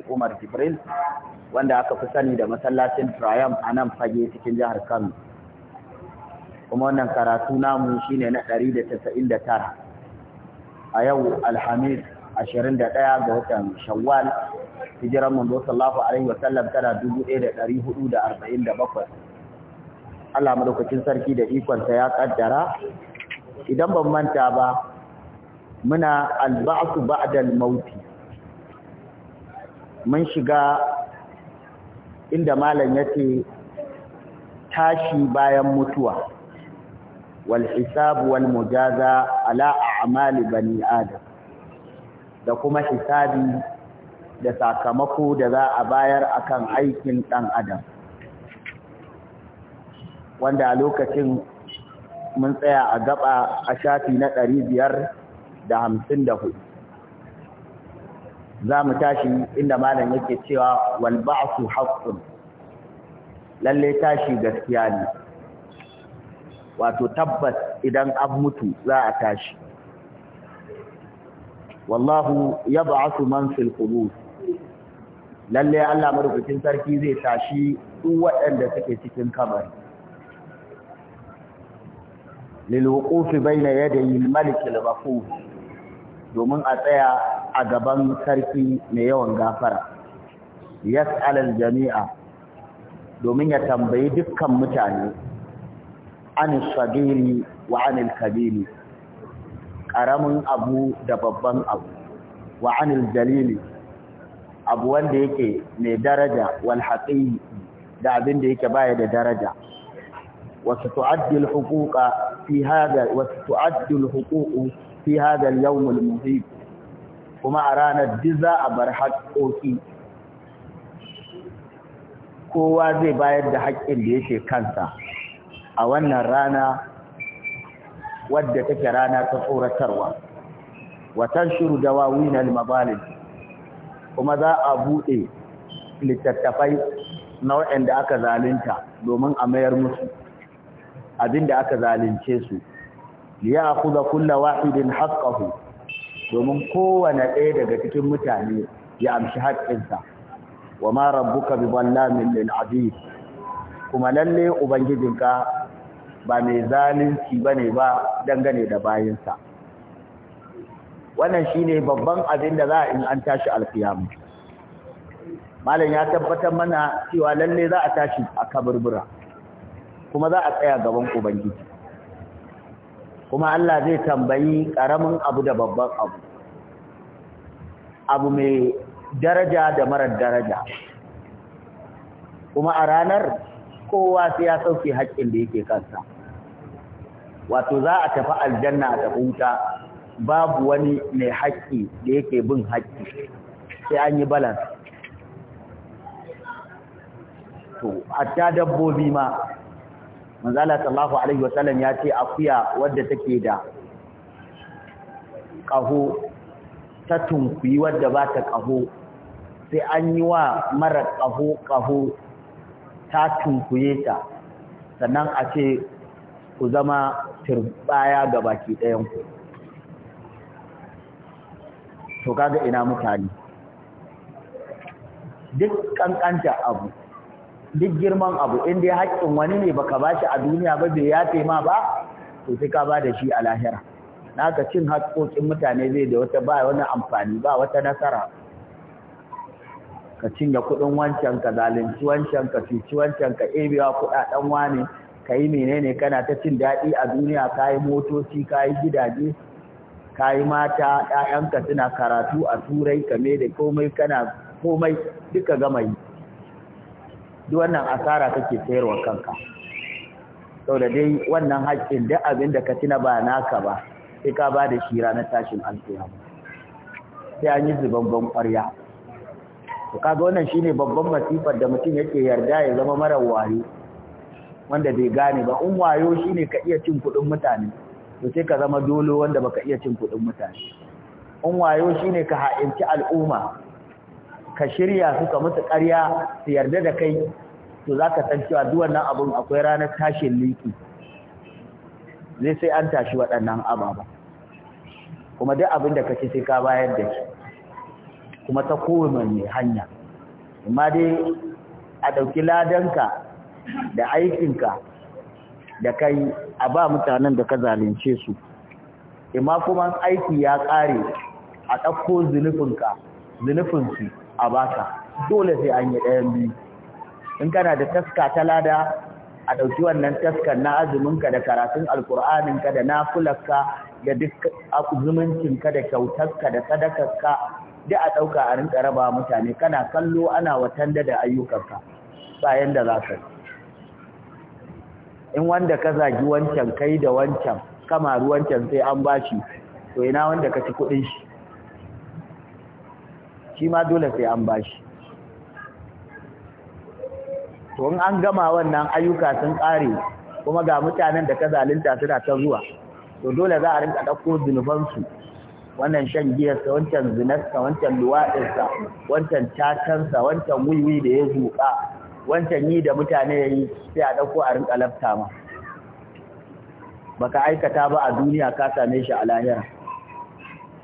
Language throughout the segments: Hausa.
Jibril Umar Jibril wanda aka fi sani da masallacin Triumph a nan fage cikin jihar Kano. Kuma wannan karatu namu shine na 199 a yau Alhamis 21 ga watan Shawwal hijiran manzo sallallahu alaihi sallam tana 1447. Allah madaukakin sarki da ikonsa ya kaddara idan ban manta ba muna alba'su ba'da al-mauti mun shiga inda malam yake tashi bayan mutuwa wal hisab wal mujaza ala a'mali bani adam da kuma hisabi da sakamako da za a bayar akan aikin dan adam wanda a lokacin mun tsaya a gaba a shafi na ɗari biyar da hamsin da hudu za mu tashi inda malam yake cewa wal ba'su haqqun lalle tashi gaskiya ne wato tabbas idan an mutu za a tashi wallahu yab'athu man fil qubur lalle Allah madaukakin sarki zai tashi duk waɗanda suke cikin kabari lil wuqufi bayna yadayi yi malik ghafur domin a tsaya a gaban sarki mai yawan gafara yas'alal jami'a domin ya tambayi dukkan mutane anil sagiri wa anil kabiri karamin abu da babban abu wa anil jalili abu wanda yake mai daraja wal da abin da yake baya da daraja وستعد الحقوق في هذا وستعد الحقوق في هذا اليوم kuma a ranar duk za a bar haƙoƙi kowa zai bayar da haƙƙin da yake kansa a wannan rana wadda take rana ta tsoratarwa watan shiru da wawin almabalin kuma za a buɗe littattafai na waɗanda aka zalunta domin a mayar musu abinda aka zalunce su liya a kuza kulla wahidin haƙƙahu domin kowane ɗaya daga cikin mutane ya amshi haƙƙinsa wa ma rabbuka bi zallamin lil abid kuma lalle ubangijinka ba mai zalunci bane ba dangane da bayinsa wannan shine babban abin da za in an tashi alkiyama malam ya tabbatar mana cewa lalle za a tashi a kaburbura kuma za a tsaya gaban ubangiji kuma Allah zai tambayi ƙaramin abu da babban abu abu mai daraja da marar daraja kuma a ranar kowa sai ya sauke haƙƙin da yake kansa wato za a tafi aljanna a tafi wuta babu wani mai haƙƙi da yake bin haƙƙi sai an yi balance to hatta dabbobi ma manzala sallallahu alaihi wasallam ya ce akuya wadda take da kaho ta tunkuyi wadda ba ta kaho sai an yi wa mara kaho ƙaho ta tunkuye ta sannan a ce ku zama turbaya ga baki ɗayanku to kaga ina mutane duk kankanta abu duk girman abu in dai haƙƙin wani ne baka ba shi a duniya ba bai yafe ma ba to sai ka ba da shi a lahira naka cin haƙƙoƙin mutane zai da wata ba wani amfani ba wata nasara ka cinye kuɗin wancan ka zalunci wancan ka cuci wancan ka ebewa kuɗaɗen wani ka yi menene kana ta cin daɗi a duniya ka yi motoci ka yi gidaje ka yi mata ‘ya'yanka suna karatu a turai kame da komai kana komai duka gama yi duk wannan asara kake sayarwa kanka saboda dai wannan haƙƙin duk abin da ka tuna ba naka ba sai ka ba da shi ranar tashin alƙiyama sai an yi zubabban ƙwarya to kaga wannan shine babban masifar da mutum yake yarda ya zama mara wayo wanda bai gane ba in wayo shine ka iya cin kuɗin mutane to sai ka zama dolo wanda baka iya cin kuɗin mutane in wayo shine ka ha'inci al'umma ka shirya suka mutu ƙarya su yarda da kai to za ka san cewa duk wannan abun akwai ranar tashin liki zai sai an tashi waɗannan ababa kuma duk abin da ka ci sai ka bayar da shi kuma ta kowane hanya amma dai a ɗauki ladanka da aikinka da kai a ba mutanen da ka zalunce su imakuman kuma aiki ya ƙare a ɗauko zunufinka zunufinsu a baka dole sai an yi ɗayan biyu in kana da taska ta lada a ɗauki wannan taskar na azuminka da karatun alkur'aninka da nafularka da duk zumuncinka da kyautarka da sadakarka duk a ɗauka a rinka raba mutane kana kallo ana watan da ayyukanka bayan da za ka yi in wanda ka zagi wancan kai da wancan kama wancan sai an bashi to ina wanda ka ci kuɗin shi shi ma dole sai an bashi to in an gama wannan ayyuka sun kare kuma ga mutanen da ka zalunta suna ta zuwa to dole za a rinka ɗauko su wannan shan giyarsa wancan zinarsa wancan luwaɗinsa wancan sa wancan wiwi da ya zuka wancan yi da mutane yayi sai a ɗauko a rinka lafta ma baka aikata ba a duniya ka same shi a lahira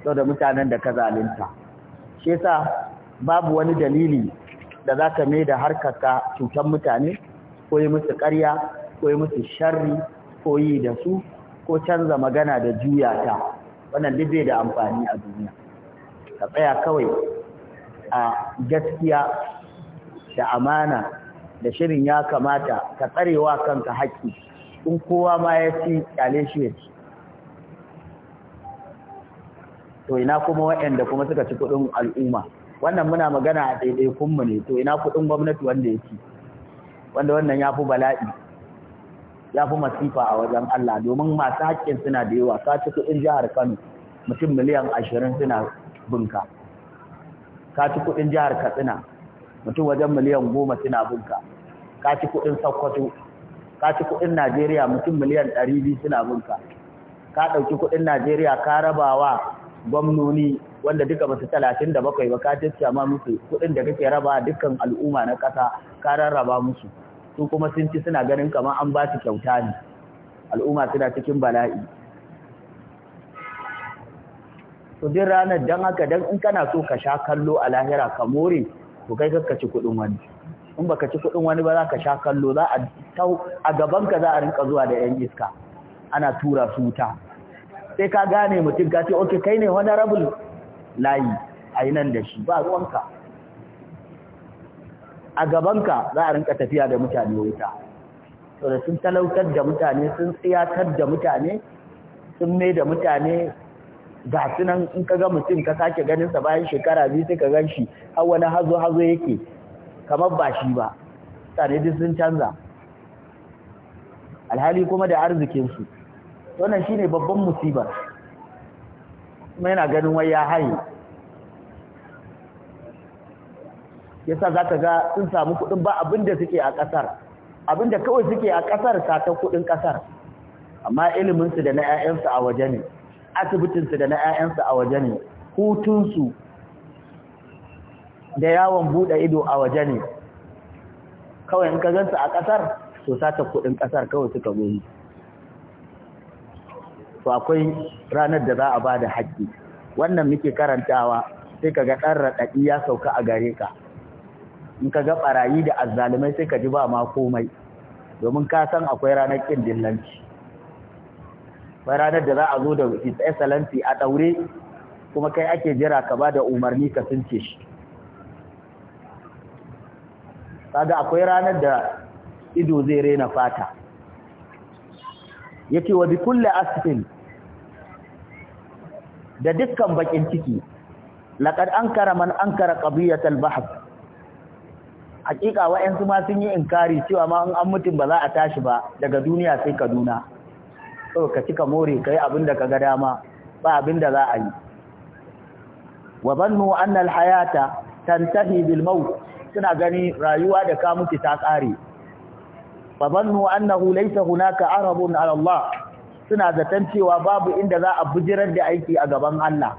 sau mutanen da ka zalunta shi sa babu wani dalili da za ka mai da harkarka cutar mutane ko yi musu ƙarya ko yi musu sharri ko yi da su ko canza magana da juya ta wannan duk da amfani a duniya ka tsaya kawai a gaskiya da amana da shirin ya kamata ka tsarewa kanka haƙƙi in kowa ma ya ci kyale shi ya ci to ina kuma waɗanda kuma suka ci kuɗin al'umma wannan muna magana a daidai kunmu ne to ina kuɗin gwamnati wanda ya ci wanda wannan ya fi bala'i ya fi masifa a wajen Allah domin masu haƙƙin suna da yawa ka ci kuɗin jihar Kano mutum miliyan ashirin suna bunka. ka ci kuɗin jihar Katsina mutum wajen miliyan goma suna bunka. ka ci kuɗin Sokoto ka ci kuɗin Najeriya mutum miliyan ɗari biyu suna bunka. ka ɗauki kuɗin Najeriya ka rabawa gwamnoni wanda duka basu talatin da bakwai ba ka ma musu kuɗin da kake raba dukkan al'umma na ƙasa ka rarraba musu su kuma sun ci suna ganin kamar an ba su kyauta ne al'umma suna cikin bala'i to din ranar don haka don in kana so ka sha kallo a lahira ka more to kai ka ci kuɗin wani in baka ci kuɗin wani ba za ka sha kallo za a tau gaban ka za a rinka zuwa da yan iska ana tura su wuta sai ka gane mutum ka ce okay kai ne rabin layi a yi nan da shi ba ruwanka a gabanka za a rinka tafiya da mutane wuta so da sun talautar da mutane sun tsiyatar da mutane sun mai da mutane ga sunan in ka ga mutum ka sake ganinsa bayan shekara biyu sai ka gan shi har wani hazo hazo yake kamar ba shi ba mutane duk sun canza alhali kuma da arzikinsu wannan shi ne babban musibar kuma yana ganin wai ya haye yasa ka ga sun samu kudin ba abinda suke a kasar abinda kawai suke a kasar ta kudin kasar amma iliminsu da na 'ya'yansu a waje ne asibitinsu da na 'ya'yansu a waje ne hutunsu da yawon bude ido a waje ne kawai in ka gansu a kasar to sata kudin kasar kawai suka goyi to akwai ranar da za a bada haƙƙi wannan muke karantawa sai kaga ɗan raɗaɗi ya sauka a gare ka in ka ga ɓarayi da azzalumai sai ka ji ba ma komai domin ka san akwai ranar ƙin dillanci akwai ranar da za a zo da his excellency a ɗaure kuma kai ake jira ka ba da umarni ka sunce shi kaga akwai ranar da ido zai rena fata yace wa bi asfin da dukkan bakin ciki laqad ankara man ankara qadiyat al hakika wa'yansu ma sun yi inkari cewa ma an mutum ba za a tashi ba daga duniya sai Kaduna to ka cika more kai abinda kaga dama ba abinda za a yi wa bannu anna al-hayata tantahi bil maut suna gani rayuwa da ka mutu ta kare fa zannu annahu laysa hunaka arabun ala Allah suna zaton cewa babu inda za a bujirar da aiki a gaban Allah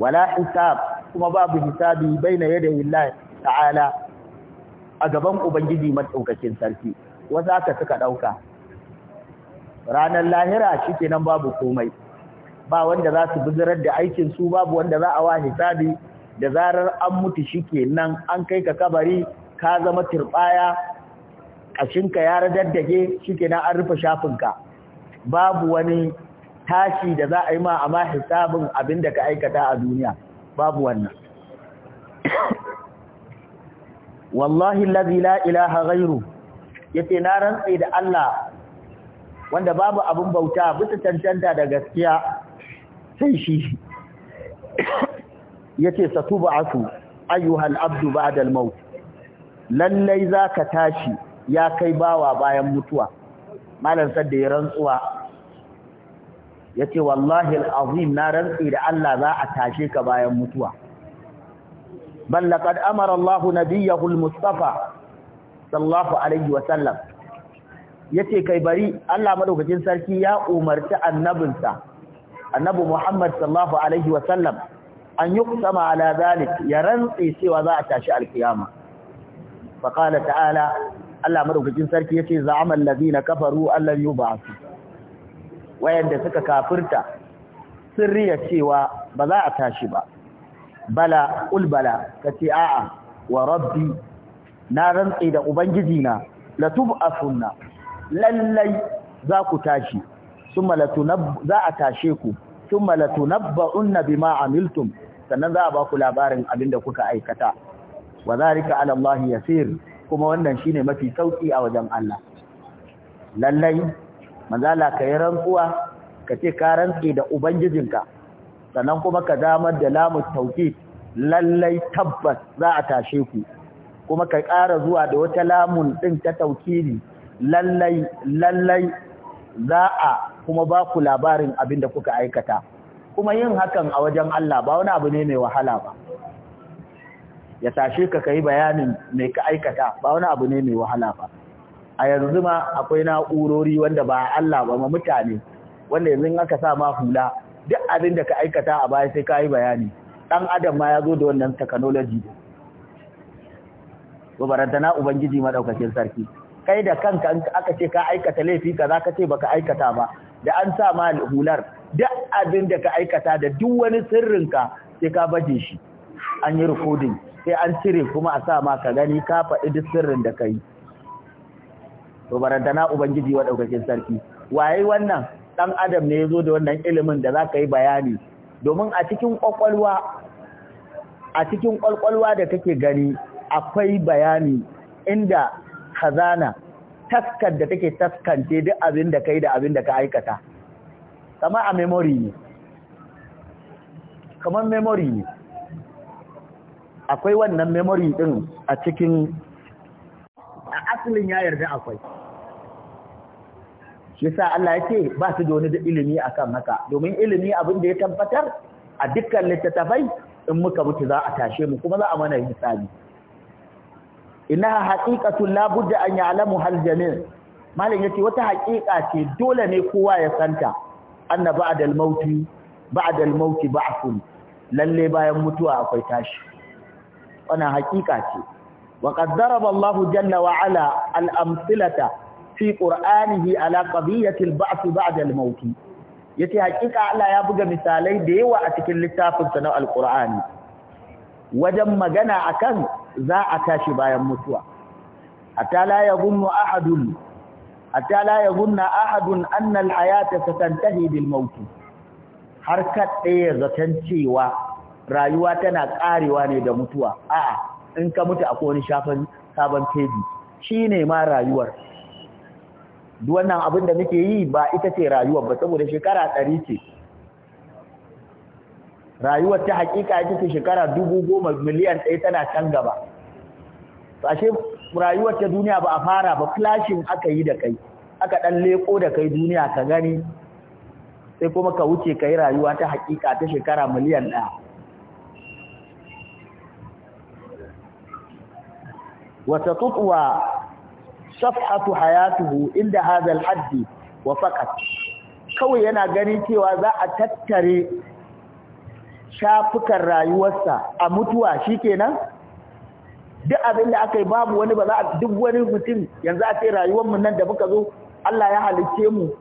wala hisab kuma babu hisabi baina yadayi Allah ta'ala a gaban ubangiji madaukakin sarki wasu aka suka dauka ranar lahira shikenan babu komai ba wanda za su bujirar da aikin su babu wanda za a wa hisabi da zarar an mutu shikenan an kai ka kabari ka zama turbaya ƙashinka ya radaddage na an rufe shafinka babu wani tashi da za a yi ma amma hisabin abin da ka aikata a duniya babu wannan wallahi lazi la ilaha ya ce na rantsa da Allah wanda babu abin bauta bisa cancanta da gaskiya sai shi yace su ayyuhal abdu ba'da al-maut lallai ka tashi ya kai bawa bayan mutuwa malam sadda ya rantsuwa ya ce wallahi al'azim na rantsi da Allah za a tashe ka bayan mutuwa ballakad amara Allah nabiyyahul mustafa sallallahu alaihi wasallam ya ce kai bari Allah madaukakin sarki ya umarci annabinsa annabi Muhammad sallallahu alaihi sallam. an yuqsama ala zalik ya rantsi cewa za a tashi alkiyama faqala ta'ala Allah madaukakin sarki yace za'amal ladina kafaru allan yub'athu wayanda suka kafirta sirriya cewa ba za a tashi ba bala ul bala kace a'a wa rabbi na rantsi da ubangiji na latub'athunna lallai za ku tashi thumma za a tashe ku thumma latunabba'unna bima amiltum sannan za a ba ku labarin abinda kuka aikata wa zalika ala Allah yasir kuma wannan shine mafi sauki a wajen Allah lallai manzo Allah kai rantsuwa ka ce ka rantsi da ubangijinka sannan kuma ka damar da lamu tauhid lallai tabbas za a tashe ku kuma ka ƙara zuwa da wata lamun ɗin ta tauhidi lallai lallai za a kuma ba ku labarin abin da kuka aikata kuma yin hakan a wajen Allah ba wani abu ne mai wahala ba ya tashe ka kai bayanin me ka aikata ba wani abu ne mai wahala ba a yanzu ma akwai na'urori wanda ba Allah ba ma mutane wanda yanzu aka sa ma hula duk abin da ka aikata a baya sai ka yi bayani dan adam ma ya zo da wannan technology din gobaranta na ubangiji madaukakin sarki kai da kanka aka ce ka aikata laifi kaza ka ce baka aikata ba da an sa ma hular duk abin da ka aikata da duk wani sirrinka sai ka baje shi an yi recording sai an cire kuma a sa ma ka gani ka faɗi duk sirrin da kai to barantana ubangiji wa daukakin sarki waye wannan dan adam ne yazo da wannan ilimin da zaka yi bayani domin a cikin kwakwalwa a cikin kwakwalwa da kake gani akwai bayani inda kazana, taskar da take taskance duk abin da kai da abin da ka aikata kamar a memory ne kamar memory ne akwai wannan memory din a cikin a asalin ya yarda akwai shi sa Allah ya ce ba su da wani ilimi akan haka domin ilimi abin da ya tabbatar a dukkan littattafai in muka mutu za a tashe mu kuma za a mana hisabi innaha haqiqatul la budda an ya'lamu hal jami' malam yace wata haqiqa ce dole ne kowa ya santa anna ba'da al-maut ba'da al-maut ba'thun lalle bayan mutuwa akwai tashi wannan hakika ce wa qad Allahu jalla wa ala al-amthilata fi qur'anihi ala qadiyati al-ba'th ba'da al-maut yace hakika Allah ya buga misalai da yawa a cikin littafin sa na al-qur'ani wajen magana akan za a tashi bayan mutuwa hatta la yaghunnu ahadun hatta la ahadun anna al-hayata satantahi bil maut har kaɗe zaton cewa rayuwa tana karewa ne da mutuwa a'a in ka mutu akwai wani shafan sabon teji shine ma rayuwar duwannan wannan abin da muke yi ba ita ce rayuwar ba saboda shekara 100 ce rayuwar ta hakika ita ce shekara dubu goma miliyan ɗaya tana can gaba ashe rayuwar ta duniya ba a fara ba flashing aka yi da kai aka ɗan leƙo da kai duniya ka gani sai kuma ka wuce ka yi rayuwa ta hakika ta shekara miliyan ɗaya وستطوى صفحة حياته عند هذا الحد وفقط kawai yana ganin cewa za a tattare shafukan rayuwarsa a mutuwa shikenan duk abin da aka yi babu wani ba za a duk wani mutum yanzu a ce rayuwarmu nan da muka zo Allah ya halicce mu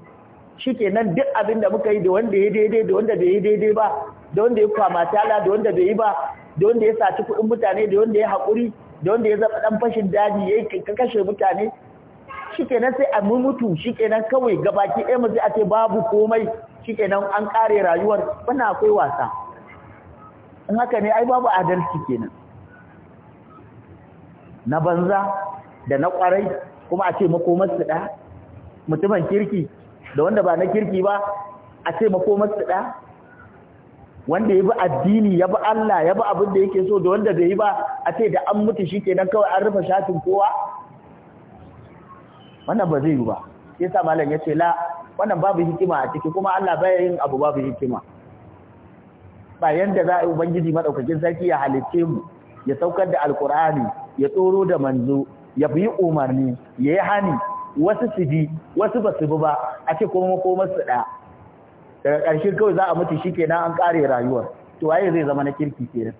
nan. duk abin da muka yi da wanda ya daidai da wanda bai yi daidai ba da wanda ya kwamata da wanda bai yi ba da wanda ya saci kuɗin mutane da wanda ya haƙuri da wanda ya zama dan fashin daji yayi ka kashe mutane shikenan sai a mutu shikenan kawai gabaki ɗaya mu sai a ce babu komai shikenan an kare rayuwar bana akwai wasa in haka ne ai babu adalci kenan na banza da na kwarai kuma a ce makomarsu ɗaya mutumin kirki da wanda ba na kirki ba a ce makomarsu ɗaya wanda ya bi addini ya bi Allah ya bi abin da yake so da wanda bai yi ba a ce da an mutu shi kenan kawai an rufe shafin kowa wannan ba zai yi ba sai sa malam ya ce la wannan babu hikima a ciki kuma Allah baya yin abu babu hikima ba yanda za a yi ubangiji madaukakin sarki ya halicce mu ya saukar da alkur'ani ya tsoro da manzo ya bi umarni ya yi hani wasu su bi wasu ba su bi ba a ce kuma makomar su ɗaya daga ƙarshe kawai za a mutu shi kenan an ƙare rayuwar to waye zai zama na kirki kenan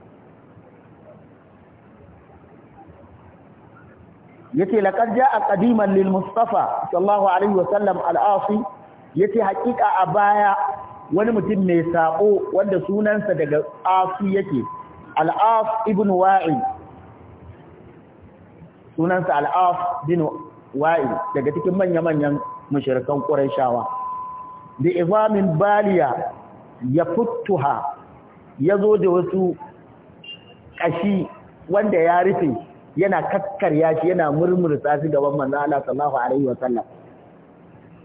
yace laqad jaa qadiman lil mustafa sallallahu alaihi wasallam al asi yace hakika a baya wani mutum mai sako wanda sunansa daga asi yake al as ibn wa'il sunansa al as bin wai daga cikin manya-manyan mushrikan qurayshawa da izamin baliya ya futtuha ya zo da wasu ƙashi wanda ya rufe yana kakkarya shi yana murmurta shi gaban manzo Allah sallallahu alaihi wasallam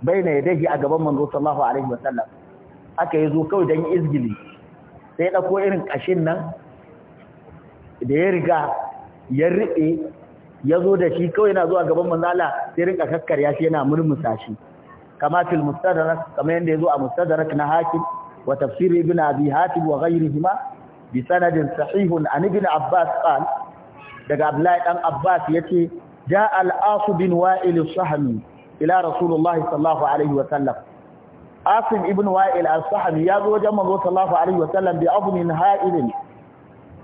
baina yadahi a gaban manzo sallallahu alaihi wasallam aka zo kawai dan izgili sai ya dauko irin kashin nan da ya riga ya ya zo da shi kawai yana zuwa gaban manzo Allah sai rinka kakkarya shi yana murmusa shi kama fil mustadrak kama yanda yazo a mustadrak na hakim wa tafsir ibn abi hatim wa ghayrihima bi sanadin sahihun an ibn abbas qal daga abdullahi dan abbas yace ja al as bin wa'il as-sahmi ila rasulullah sallallahu alaihi wa sallam asim ibn wa'il as-sahmi yazo wajen manzo sallallahu alaihi wa sallam bi azmin ha'ilin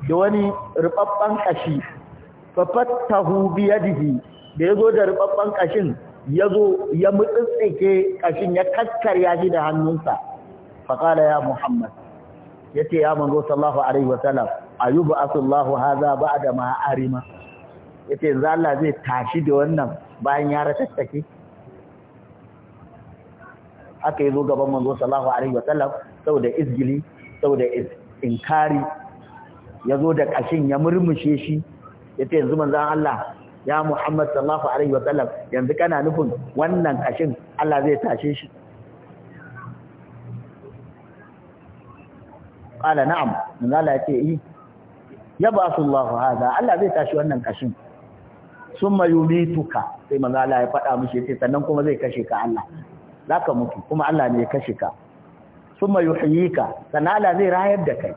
da wani rubabban kashi fafattahu biyadihi da yazo da rubabban kashin ya zo ya mutsitsike kashin ya kakkarya shi da hannunsa faƙala ya muhammad ya ce ya manzo sallahu alaihi wasallam ayubu asallahu haza ba da ma'arima ya ce Allah zai tashi da wannan bayan ya ratattake aka yi zo gaban manzo sallahu alaihi wasallam da izgili da inkari ya zo da kashin ya murmushe shi ya ce yanzu manzan Allah ya Muhammad sallallahu alaihi wa sallam yanzu kana nufin wannan kashin Allah zai tashe shi qala na'am manzala yace eh yab'athu Allah hada Allah zai tashi wannan kashin summa yumituka sai manzala ya faɗa mishi yace sannan kuma zai kashe ka Allah zaka mutu kuma Allah ne ya kashe ka summa yuhyika sannan Allah zai rayar da kai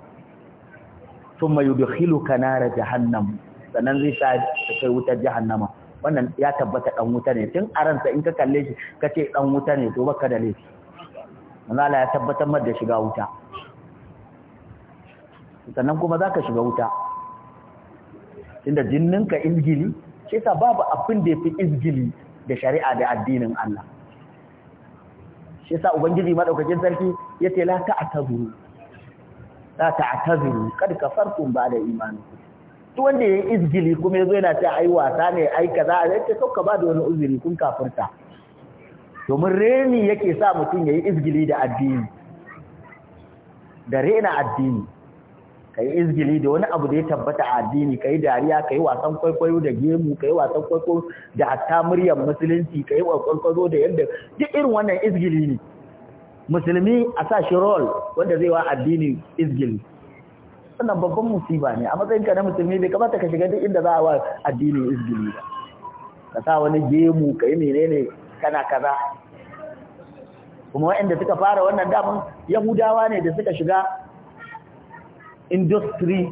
summa yudkhiluka nar jahannam sannan zai sa ta kai wutar jahannama wannan ya tabbata dan wuta ne tun a ransa in ka kalle shi ka ce dan wuta ne to baka da laifi Allah ya tabbatar mar da shiga wuta sannan kuma zaka shiga wuta tunda jinninka izgili shi yasa babu abin da yafi izgili da shari'a da addinin Allah shi yasa ubangiji madaukakin sarki yace la ta'tazuru la ta'tazuru kad kafartum ba'da imanikum duk wanda ya yi izgili kuma ya zo yana cewa ai wasa ne ai kaza a yake sauka ba da wani uzuri kun kafirta domin reni yake sa mutum ya yi izgili da addini da rena addini ka yi izgili da wani abu da ya tabbata a addini ka yi dariya ka yi wasan kwaikwayo da gemu ka yi wasan kwaikwayo da hatta muryar musulunci ka yi kwaikwayo da yadda duk irin wannan izgili ne musulmi a sa shi rol wanda zai wa addini izgili wannan babban musiba ne a matsayin ka na musulmi bai kamata ka shiga duk inda za a wa addinin izgili ba ka sa wani gemu ka yi menene kana kaza kuma waɗanda suka fara wannan daman yahudawa ne da suka shiga industry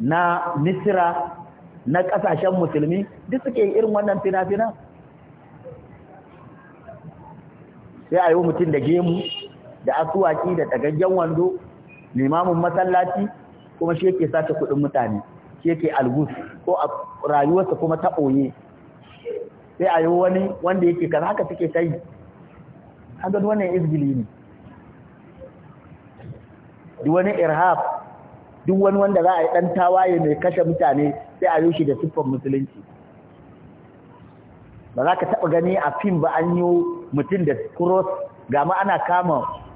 na misira na ƙasashen musulmi duk suke irin wannan fina fina sai a yi mutum da gemu da asuwaki da tagaggen wando limamin masallaci kuma shi yake sace kuɗin mutane shi yake algus ko a rayuwarsa kuma ta ɓoye sai a yi wani wanda yake kaza haka suke tai yi hagan wannan izgili ne duk wani irhab duk wani wanda za a yi ɗan tawaye mai kashe mutane sai a yi shi da siffar musulunci ba za ka taɓa gani a fim ba an yi mutum da cross ga ma ana kama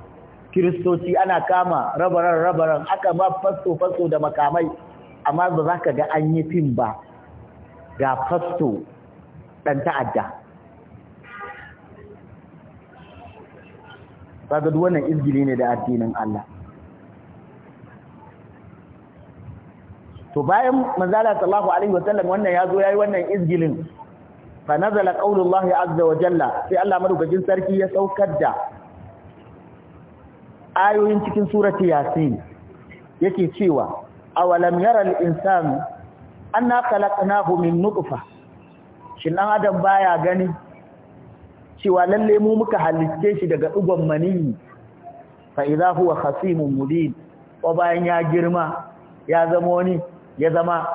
kiristoci ana kama rabaran rabaran aka ba fasto fasto da makamai amma ba za ka ga an yi fim ba ga fasto ɗan ta'adda ba ga wannan izgili ne da addinin Allah to bayan manzala sallahu alaihi wasallam wannan ya zo ya yi wannan izgilin fa nazala qaulullahi azza wa jalla sai Allah madaukakin sarki ya saukar da ayoyin cikin surati yasin yake cewa awalam yaral insani anna khalaqnahu min nutfa shin dan adam baya gani cewa lalle mu muka halicce shi daga dugon maniyi fa idza huwa khasimun wa bayan ya girma ya zama wani ya zama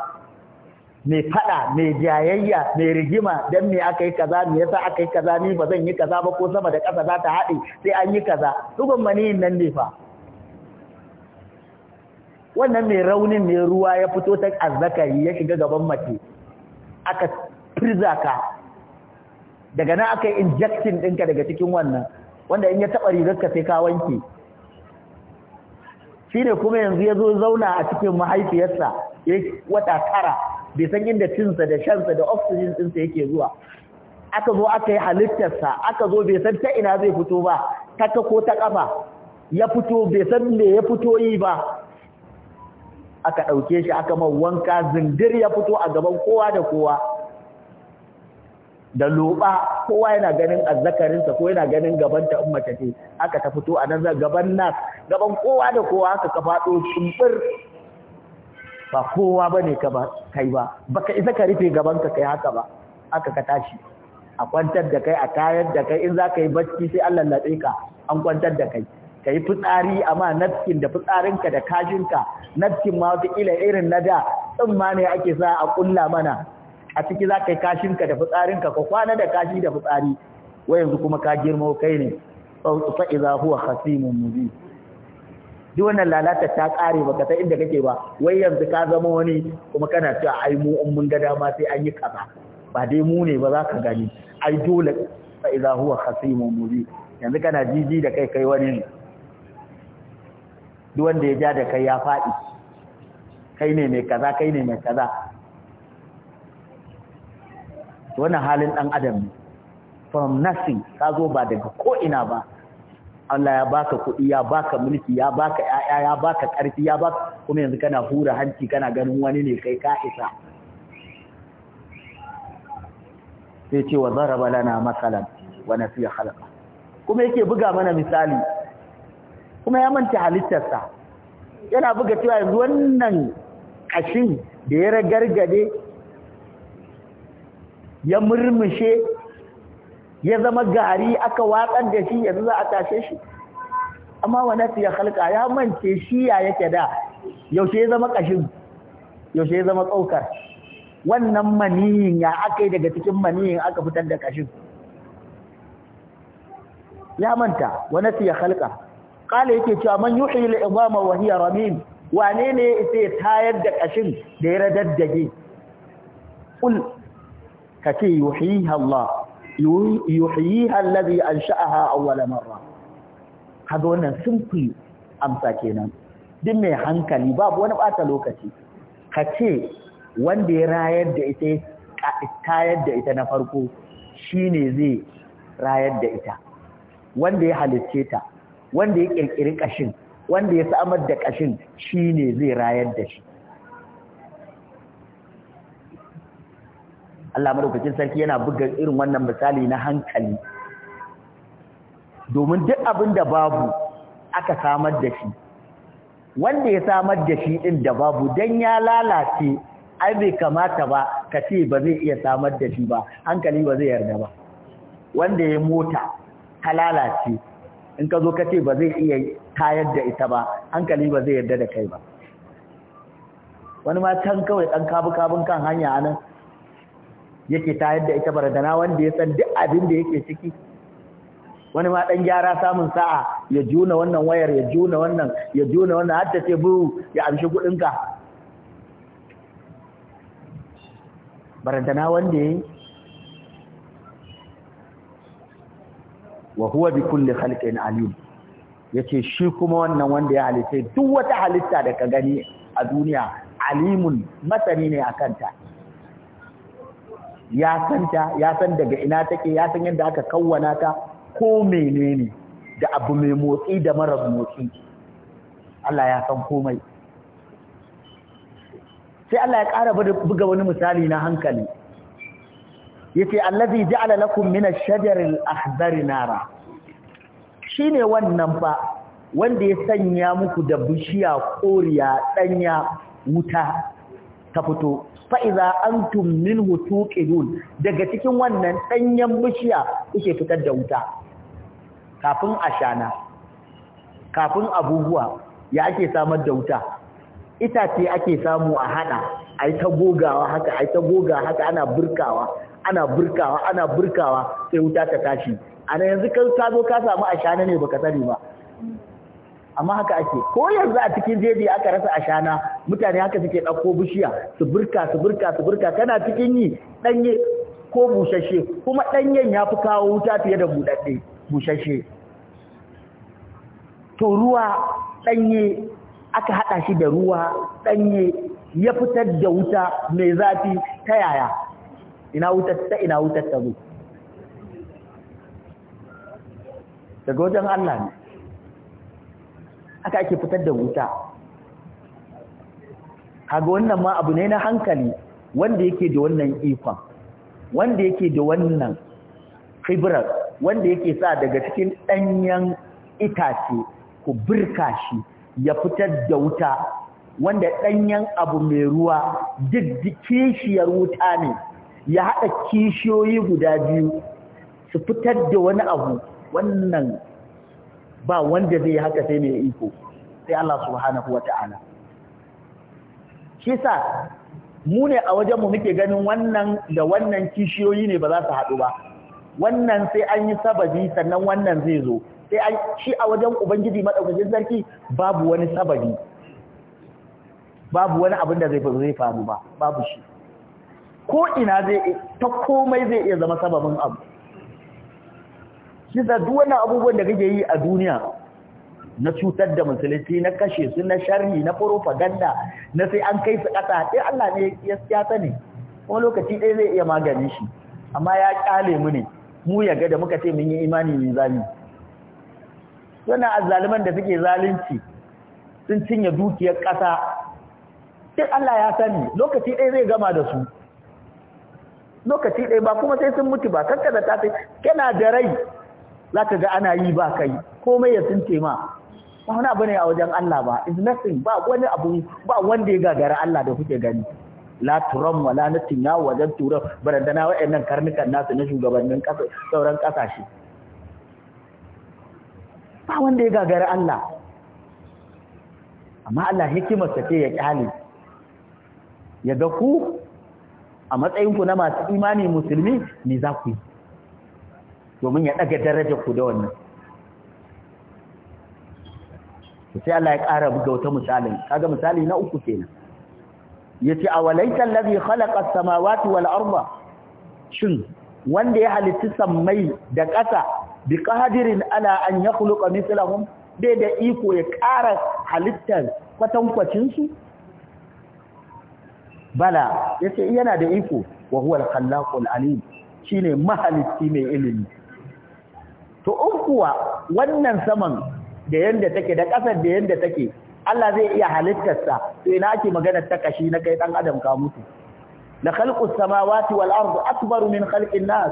mai faɗa, mai jayayya mai rigima dan me aka yi kaza me yasa aka yi kaza ni ba zan yi kaza ba ko sama da ƙasa za ta haɗe sai an yi kaza dugun maniyin nan ne fa wannan mai raunin mai ruwa ya fito ta azzakari ya shiga gaban mace aka firza ka daga nan aka yi dinka ɗinka daga cikin wannan wanda in ya taɓa rigarka sai ka wanke shi ne kuma yanzu ya zo zauna a cikin mahaifiyarsa ya wata tara bai san yadda cinsa da shansa da oxygen ɗinsa yake zuwa aka zo aka yi halittarsa aka zo bai san ta ina zai fito ba ta ta ko ta ƙafa ya fito bai san me ya fito yi ba aka ɗauke shi aka man wanka zindir ya fito a gaban kowa da kowa da loɓa kowa yana ganin azzakarinsa ko yana ganin gaban ta ummata ce aka ta fito a nan gaban nas gaban kowa da kowa aka ka faɗo tumbir ba kowa bane ka ba kai ba baka isa ka rufe gaban ka kai haka ba aka ka tashi a kwantar da kai a tayar da kai in za ka yi bacci sai an latse ka an kwantar da kai ka yi fitsari amma nafkin da fitsarinka da kashinka nafkin ma wata ila irin na da ma ne ake sa a kulla mana a ciki za ka yi kashinka da fitsarinka ka kwana da kashi da fitsari wai yanzu kuma ka girma kai ne fa iza huwa khasimun mubin duk wannan lalata ta kare baka san inda kake ba wai yanzu ka zama wani kuma kana cewa ai mu in mun ga dama sai an yi kaza ba dai mu ne ba za ka gani ai dole fa idza huwa khasimun mubin yanzu kana jiji da kai kai wani ne duk wanda ya ja da kai ya faɗi kai ne mai kaza kai ne mai kaza wannan halin dan adam ne from nothing ka zo ba daga ko ina ba Allah ya baka kuɗi ya baka mulki ya baka ƴaƴa ya baka ƙarfi ya baka kuma yanzu kana hura hanci kana ganin wani ne kai ka isa sai ce wa zaraba lana masalan wa nasiya khalaqa kuma yake buga mana misali kuma ya manta halittarsa yana buga cewa yanzu wannan kashin da ya ragargade ya murmushe ya zama gari aka watsar da shi yanzu za a tashe shi amma wa ya halka ya mance shi ya yake da yaushe ya zama kashin yaushe ya zama tsaukar wannan maniyin ya aka yi daga cikin maniyin aka fitar da kashin ya manta wa ya halka kala yake cewa man yuhyi al-idama wa hiya ramim wane ne sai tayar da kashin da ya radaddage kul yi yuhyiha Allah yuhyiha allazi a awwala marra kaga wannan simple amsa kenan duk mai hankali babu wani bata lokaci ka ce wanda ya rayar da ita da ita na farko ne zai rayar da ita wanda ya halicce ta wanda ya kirkiri kashin wanda ya samar da kashin ne zai rayar da shi Allah madaukakin sarki yana buga irin wannan misali na hankali domin duk abin da babu aka samar da shi wanda ya samar da shi din da babu dan ya lalace ai bai kamata ba ka ce ba zai iya samar da shi ba hankali ba zai yarda ba wanda ya mota ta lalace in ka zo ka ce ba zai iya tayar da ita ba hankali ba zai yarda da kai ba wani ma can kawai ɗan kabu kabun kan hanya anan yake ta yadda ita bardana wanda ya san duk abin da yake ciki wani ma dan gyara samun sa'a ya juna wannan wayar ya juna wannan ya juna wannan har ta ce buru ya amshi kudin ka bardana wanda yayi wa huwa bi kulli khalqin alim yace shi kuma wannan wanda ya halitta duk wata halitta da ka gani a duniya alimun masani ne akanta ya san ta ya san daga ina take ya san yadda aka kawwana ta ko menene da abu mai motsi da marar motsi Allah ya san komai sai Allah ya ƙara buga wani misali na hankali yace allazi ja'ala lakum min ash al akhdari nara shine wannan fa wanda ya sanya muku da bishiya koriya danya wuta ta fito fa'iza an tummin hutu ƙidun daga cikin wannan ɗanyen bishiya kuke fitar da wuta kafin ashana kafin abubuwa ya ake samar da wuta itace ake samu a hada a yi ta gogawa haka a yi ta goga haka ana burkawa ana burkawa ana burkawa sai wuta ta tashi a yanzu ka zo ka samu ashana ne baka sani ba amma haka ake ko yanzu a cikin jeji aka rasa ashana mutane haka suke ɗauko bishiya su burka su burka su burka kana cikin yi ɗanye ko bushashe kuma ɗanyen ya fi kawo wuta fiye da buɗaɗɗe bushashe to ruwa ɗanye aka haɗa shi da ruwa ɗanye ya fitar da wuta mai zafi ta yaya ina wutar ta ina wutar ta zo daga wajen Allah ne haka ake fitar da wuta kaga wannan ma abu ne na hankali wanda yake da wannan ikon wanda yake da wannan khibrar wanda yake sa daga cikin danyen itace ku birka shi ya fitar da wuta wanda danyen abu mai ruwa duk kishiyar wuta ne ya haɗa kishiyoyi guda biyu su fitar da wani abu wannan ba wanda zai haka sai mai iko sai Allah subhanahu wata'ala shi sa mu ne a wajen mu muke ganin wannan da wannan kishiyoyi ne ba za su haɗu ba wannan sai an yi sababi sannan wannan zai zo sai an shi a wajen ubangiji madaukakin sarki babu wani sababi babu wani abin da zai zai faru ba babu shi ko ina zai ta komai zai iya zama sababin abu shi duwana duk wannan abubuwan da kake yi a duniya na cutar da musulunci na kashe su na sharri na propaganda na sai an kai su kasa sai Allah ne ya siyasa ne kuma lokaci ɗaya zai iya maganin shi amma ya ƙyale mu ne mu ya ga da muka ce mun yi imani mai zalimi wannan azzaliman da suke zalunci sun cinye dukiyar kasa sai Allah ya sani lokaci ɗaya zai gama da su lokaci ɗaya ba kuma sai sun mutu ba kanka da ta sai kana da rai za ka ga ana yi ba kai komai ya sunce ma ba wani abu ne a wajen Allah ba is nothing ba wani abu ba wanda ya gagara Allah da kuke gani la turam wala natin ya wajen turam barandana wayannan karnukan nasu na shugabannin kasa sauran kasashe ba wanda ya gagara Allah amma Allah sa ce ya kyale ya ga ku a matsayinku na masu imani musulmi ne za ku yi domin ya ɗaga darajar ku da wannan sai Allah ya ƙara buga wata misali kaga misali na uku kenan yace awalaita allazi khalaqa as-samawati wal arda shin wanda ya halitta samai da ƙasa bi qadirin ala an yakhluqa mithlahum bai da iko ya ƙara halittar kwatankwacin su bala yace yana da iko wa huwa al-khallaqul alim shine mahalitti mai ilimi to in wannan saman da yanda take da ƙasar da yanda take Allah zai iya halittarsa to ina ake magana ta kashi na kai ɗan adam ka mutu la khalqu samawati wal ardi akbar min khalqin nas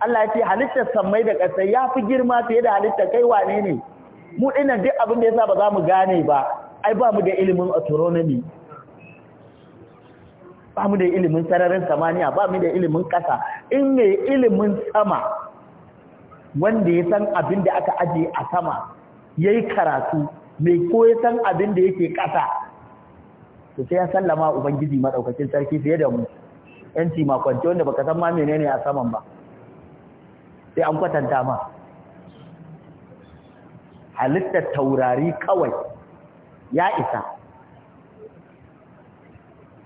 Allah ya ce halittar samai da ƙasa fi girma fiye da halittar kai wane ne mu dinnan duk abin da yasa ba za mu gane ba ai ba mu da ilimin astronomy ba mu da ilimin sararin samaniya ba mu da ilimin ƙasa in mai ilimin sama wanda ya san abin da aka ajiye a sama ya yi karatu mai ko ya san abin da yake ƙasa to sai ya sallama ubangiji maɗaukacin sarki fiye da mu yanci makwanci wanda baka san ma menene a saman ba sai an kwatanta ma halittar taurari kawai ya isa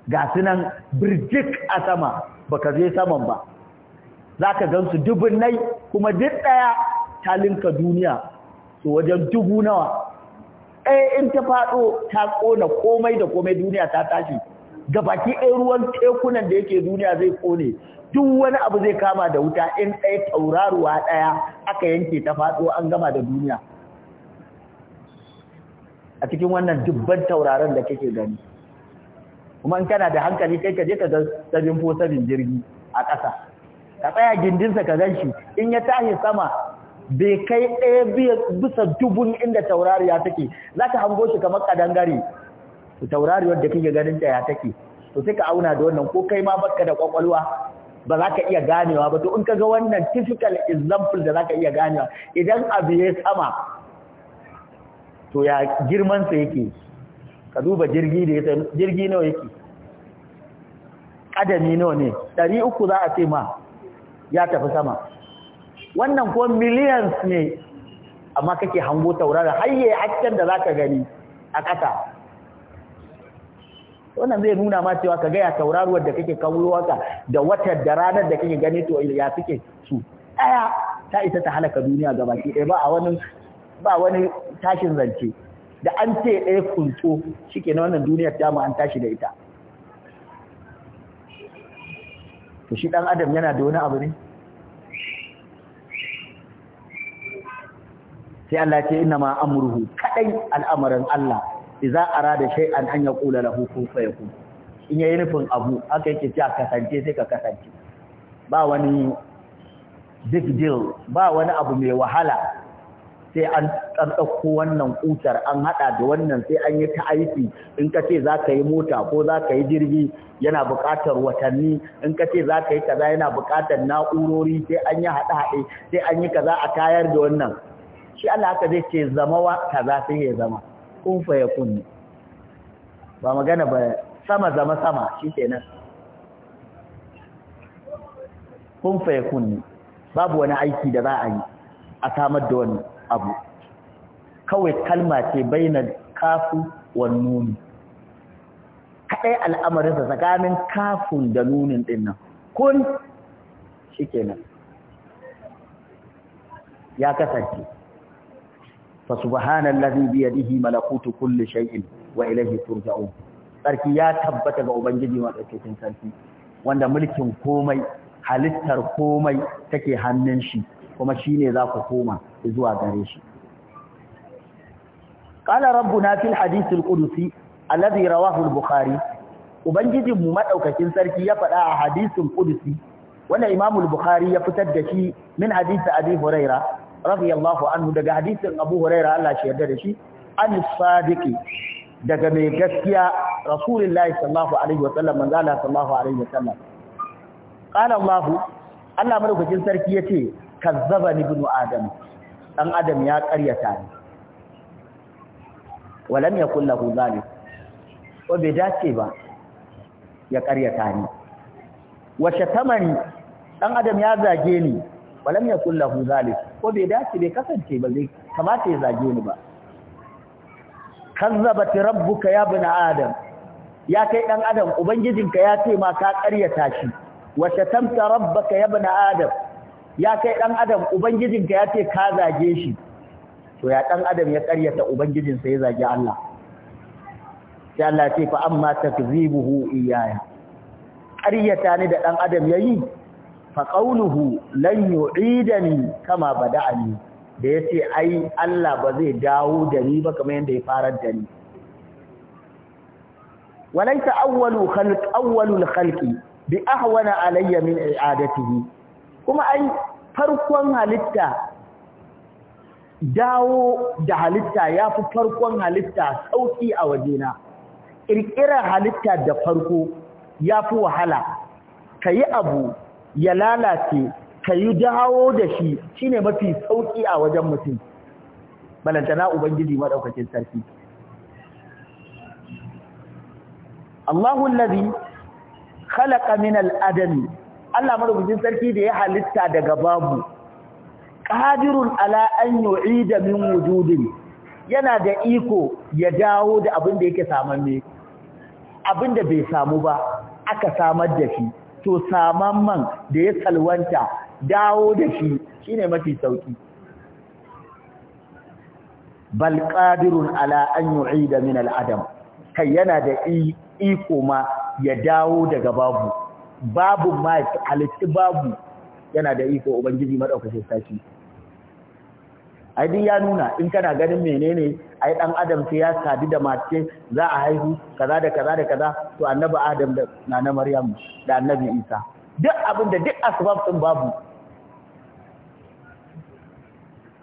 ga sunan birjik a sama baka je saman ba za ka gansu nai kuma duk ɗaya talinka duniya su wajen dubu nawa ɗaya eh, in ta faɗo ta ƙona komai da komai duniya ta tashi baki ɗaya ruwan tekunan da yake duniya zai ƙone duk wani abu zai kama da wuta in ɗaya tauraruwa ɗaya aka yanke ta faɗo an gama da duniya a cikin wannan dubban tauraron da kake gani kuma in kana da hankali kai ka je ka ga sabin fo jirgi a ƙasa ka tsaya gindinsa ka gan shi in ya tashi sama bai kai ɗaya bisa dubun inda taurariya take za ka hango shi kamar kadangare taurariyar da kike ganin ta ya take to sai ka auna da wannan ko kai ma baka da kwakwalwa ba za ka iya ganewa ba to in ka ga wannan typical example da za ka iya ganewa idan abu ya sama to ya girman sa yake ka duba jirgi da ya jirgi nawa yake adami nawa ne 300 za a ce ma ya tafi sama wannan ko millions ne amma kake hango taurara har hakken da zaka gani a ƙasa wannan zai nuna ma cewa ka gaya tauraruwar da kake kawo waka da watan da ranar da kake gani to ya suke su ɗaya ta isa ta halaka duniya gabaki ɗaya ba a wani tashin zance da an ce ɗaya kunto shike na wannan duniyar dama an tashi da ita to shi dan adam yana da wani abu ne sai Allah ce inna ma amruhu kaɗai al'amarin Allah idza arada shay'an an yaqula lahu kun fayakun in yayi nufin abu haka yake cewa kasance sai ka kasance ba wani big deal ba wani abu mai wahala sai an ɗauko wannan kutar an haɗa da wannan sai an yi ta aiki in ka ce za ka yi mota ko za ka yi jirgi yana buƙatar watanni in ka ce za ka yi kaza yana buƙatar na'urori sai an yi haɗe-haɗe sai an yi kaza a tayar da wannan shi Allah haka zai ce zama wa kaza sai ya zama kun fa ya kun ba magana ba sama zama sama shi kenan kun fa ya kun babu wani aiki da za a yi a samar da wannan abu kawai kalma ce baina kafu wa nuni Kaɗai al'amarin tsakanin kafun da nunin din nan kun shikenan ya kasance fa subhanallazi bi yadihi malakutu kulli shay'in wa ilayhi turja'un sarki ya tabbata ga ubangiji cikin sarki wanda mulkin komai halittar komai take hannun shi kuma shi ne za ku koma zuwa gare shi qala rabbuna fil hadith al-qudusi alladhi rawahu al-bukhari ubangijin mu madaukakin sarki ya faɗa a hadisin qudusi wanda Imamul bukhari ya fitar da shi min Hadisa abi huraira radiyallahu anhu daga hadisin abu huraira Allah shi yarda da shi an sadiqi daga mai gaskiya rasulullahi sallallahu alaihi wa sallam. Allah sallallahu alaihi wa sallam. qala Allah Allah madaukakin sarki ya ce. kazzaba binu adam dan adam ya ƙaryata ni walam yakul lahu zalik ko bai dace ba ya ƙaryata ni wa shatamani dan adam ya zage ni walam yakul lahu zalik ko bai dace bai kasance ba zai kamata ya zage ni ba kazzabat rabbuka ya ibn adam ya kai dan adam ubangijinka ya ce ma ka ƙaryata shi wa shatamta rabbaka ya ibn adam ya kai ɗan adam ubangijinka ya ce ka zage shi to ya ɗan adam ya ƙaryata ubangijinsa ya zage Allah sai Allah ce fa amma takzibuhu iyaya ƙaryata ni da ɗan adam yi? fa qawluhu lan yu'idani kama bada'ani da ya ce ai Allah ba zai dawo da ni ba kamar yanda ya farar da ni walaysa awwalu khalq awwalu khalqi bi ahwana alayya min i'adatihi kuma ai farkon halitta dawo da halitta ya fi farkon halitta sauƙi a wajena ƙirƙirar halitta da farko ya fi wahala ka yi abu ya lalace ka yi dawo da shi shine mafi sauƙi a wajen mutum balantana ubangiji maɗaukacin sarki Allahu lari khalaqa min al’adami Allah marubucin sarki da ya halitta daga babu ƙadirun ala an yu'ida min wujudin yana da iko ya dawo da abin da yake ne abin da bai samu ba aka samar da shi to saman man da ya salwanta dawo da shi shine mafi sauki bal qadirun ala an yu'ida min al-adam kai yana da iko ma ya dawo daga babu babu mai halitti babu yana da iko ubangiji madaukake sarki ai duk ya nuna in kana ganin menene ai dan adam sai ya sadu da mace za a haihu kaza da kaza da kaza to annabi adam da nana maryam da annabi isa duk abin da duk asbab din babu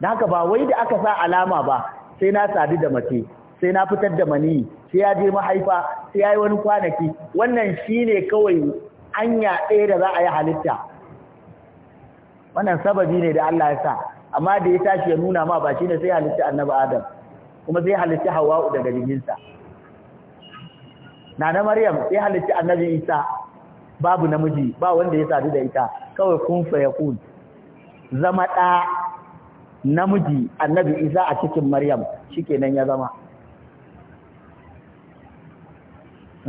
dan haka ba wai da aka sa alama ba sai na sadu da mace sai na fitar da mani sai ya je mahaifa sai ya yi wani kwanaki wannan shine kawai anya ɗaya da za a yi halitta wannan sababi ne da Allah ya sa amma da ya tashi ya nuna ma ba shi ne sai halitta annabi Adam kuma sai halitta Hawwa'u daga jikinsa nana Maryam sai halitta annabi Isa babu namiji ba wanda ya sadu da ita kawai kun fa zama da namiji annabi Isa a cikin Maryam shikenan ya zama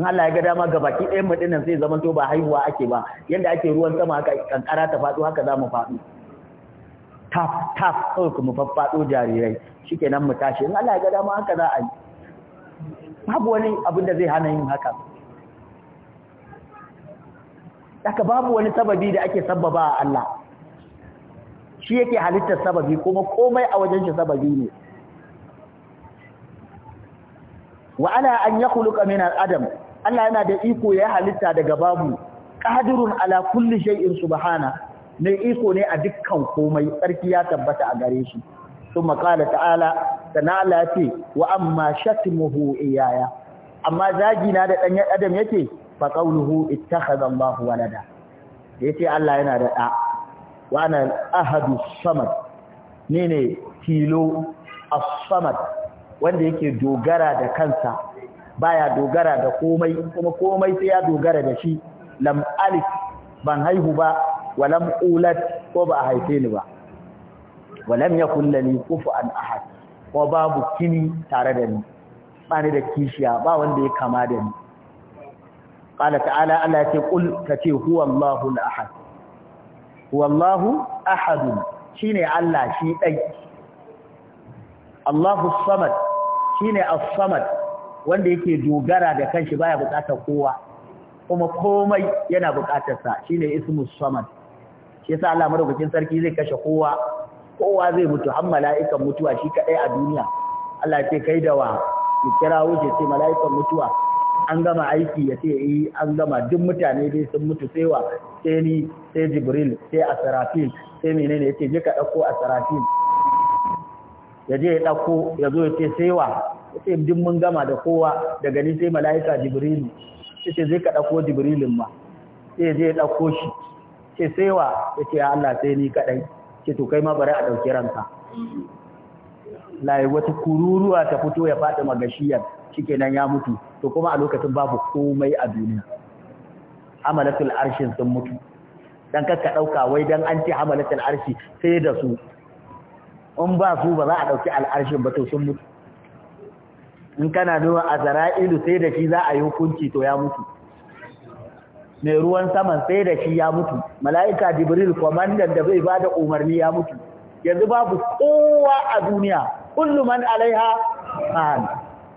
in Allah ya ga dama ga baki ɗayan mu dinnan sai zaman to ba haihuwa ake ba yanda ake ruwan sama haka kankara ta faɗo haka za mu faɗo tap tap kawai kuma faffaɗo jarirai shikenan mu tashi in Allah ya ga dama haka za a yi babu wani abin da zai hana yin haka Daka babu wani sababi da ake sababa a Allah shi yake halittar sababi kuma komai a wajen shi sababi ne wa ana an yakhluqa min al-adam Allah yana da iko ya halitta daga babu qadirun ala kulli shay'in subhana mai iko ne a dukkan komai tsarki ya tabbata a gare shi kuma qala ta'ala sana Allah ce wa amma shatmuhu iyaya amma zagi na da dan adam yake fa qawluhu ittakhadha Allahu walada yace Allah yana da da wa ana ahadu samad ne ne tilo as-samad wanda yake dogara da kansa baya dogara da komai kuma komai sai ya dogara da shi lam alif ban haihu ba walam ulat ko ba a haife ni ba walam yakun lani kufuwan ahad ko babu kini tare da ni ba ni da kishiya ba wanda ya kama da ni qala ta'ala Allah ya ce kul kace huwa Allahu ahad huwa Allahu ahad shine Allah shi dai Allahu samad shine as-samad wanda yake dogara da kanshi baya bukatar kowa kuma komai yana bukatar sa shine ismu samad shi yasa Allah madaukakin sarki zai kashe kowa kowa zai mutu har mala'ikan mutuwa shi kadai a duniya Allah ce kai da wa ki kira wuce sai mala'ikan mutuwa an gama aiki ya ce eh an gama duk mutane dai sun mutu sai wa sai ni sai jibril sai asrafil sai menene yace je ka dauko asrafil yaje ya dauko ya zo sai wa sai duk mun gama da kowa daga ni sai malaika jibrilu ce zai ka dauko jibrilin ma sai zai dauko shi ce sai wa yace ya Allah sai ni kadai ce to kai ma bari a dauki ranka lai wata kururuwa ta fito ya fada magashiyar shikenan ya mutu to kuma a lokacin babu komai a duniya amalatul arshin sun mutu dan kakka dauka wai dan an ce amalatul arshi sai da su in ba su ba za a dauki al'arshin ba to sun mutu in kana nuna a zara'ilu sai da shi za a yi hukunci to ya mutu mai ruwan saman sai da shi ya mutu mala'ika jibril kwamandan da zai ba da umarni ya mutu yanzu babu kowa a duniya kullum man alaiha fan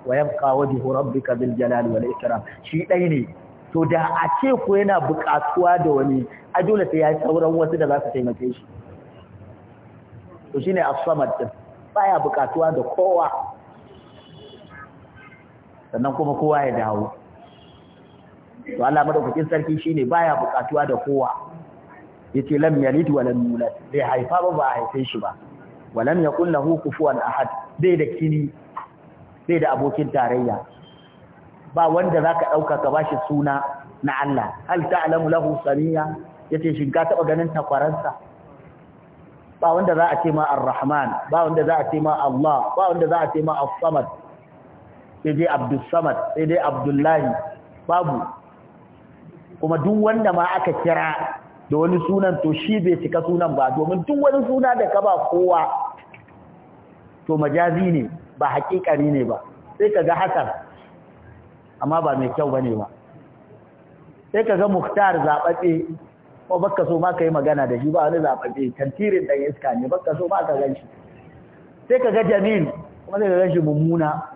wa yabqa wajhu rabbika bil jalal wa ikram shi ɗai ne to da a ce ku yana buƙatuwa da wani a dole sai ya yi sauran wasu da za su taimake shi to shine samar samad baya buƙatuwa da kowa sannan kuma kowa ya dawo to Allah madaukakin sarki shine baya bukatuwa da kowa yace lam yalid wa lam yulad bai haifa ba ba haife shi ba wa lam yakul lahu kufuwan ahad bai da kini bai da abokin tarayya ba wanda zaka dauka ka bashi suna na Allah hal ta'lamu lahu samiya yace shin ka taba ganin takwaransa ba wanda za a ce ma ar-rahman ba wanda za a ce ma Allah ba wanda za a ce ma as-samad sai dai abdulsamad sai dai abdullahi babu kuma duk wanda ma aka kira da wani sunan to shi bai cika sunan ba domin duk wani suna da ka ba kowa to majazi ne ba hakikari ne ba sai ka ga hasan amma ba mai kyau bane ba sai ka ga muhtar zaɓaɓe ko baka so ma kai yi magana da shi ba wani zabatse tantirin dan iska ne baka so ma ka gan shi sai ka ga jamil kuma sai ka gan shi mummuna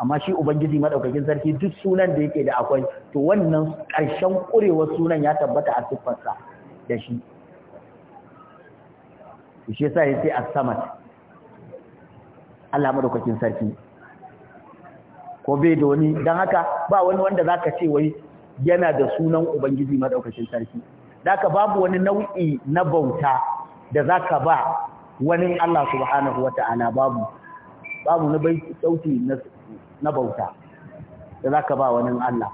amma shi ubangiji madaukakin sarki duk sunan da yake da akwai to wannan ƙarshen ƙurewar sunan ya tabbata a siffarsa da shi shi yasa yace as-samad Allah madaukakin sarki ko bai da wani dan haka ba wani wanda zaka ce wai yana da sunan ubangiji madaukakin sarki daka babu wani nau'i na bauta da zaka ba wani Allah subhanahu wataala babu babu na bai sauti na na bauta da za ka ba wani Allah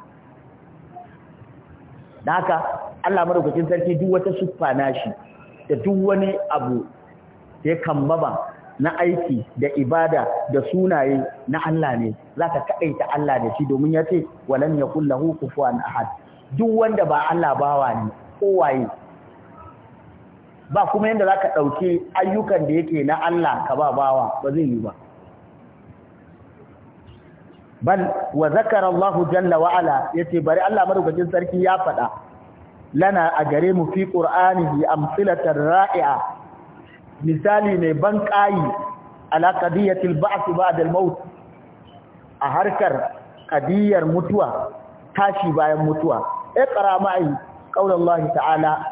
da haka Allah madaukakin sarki duk wata na nashi da duk wani abu da ya kambaba na aiki da ibada da sunaye na Allah ne za zaka kaɗaita Allah da shi domin ya ce yace ya kulla lahu kufuwan ahad duk wanda ba Allah bawa ne kowaye ba kuma yadda za ka ɗauki ayyukan da yake na Allah ka ba bawa ba zai yi ba bal wa zakara Allah jalla wa ala yace bari Allah madaukakin sarki ya faɗa lana a gare mu fi qur'anihi amsilatan ra'i'a misali ne ban ƙayi ala qadiyati bath ba'da al-maut a harkar qadiyar mutuwa tashi bayan mutuwa iqra ma'i qaulullahi ta'ala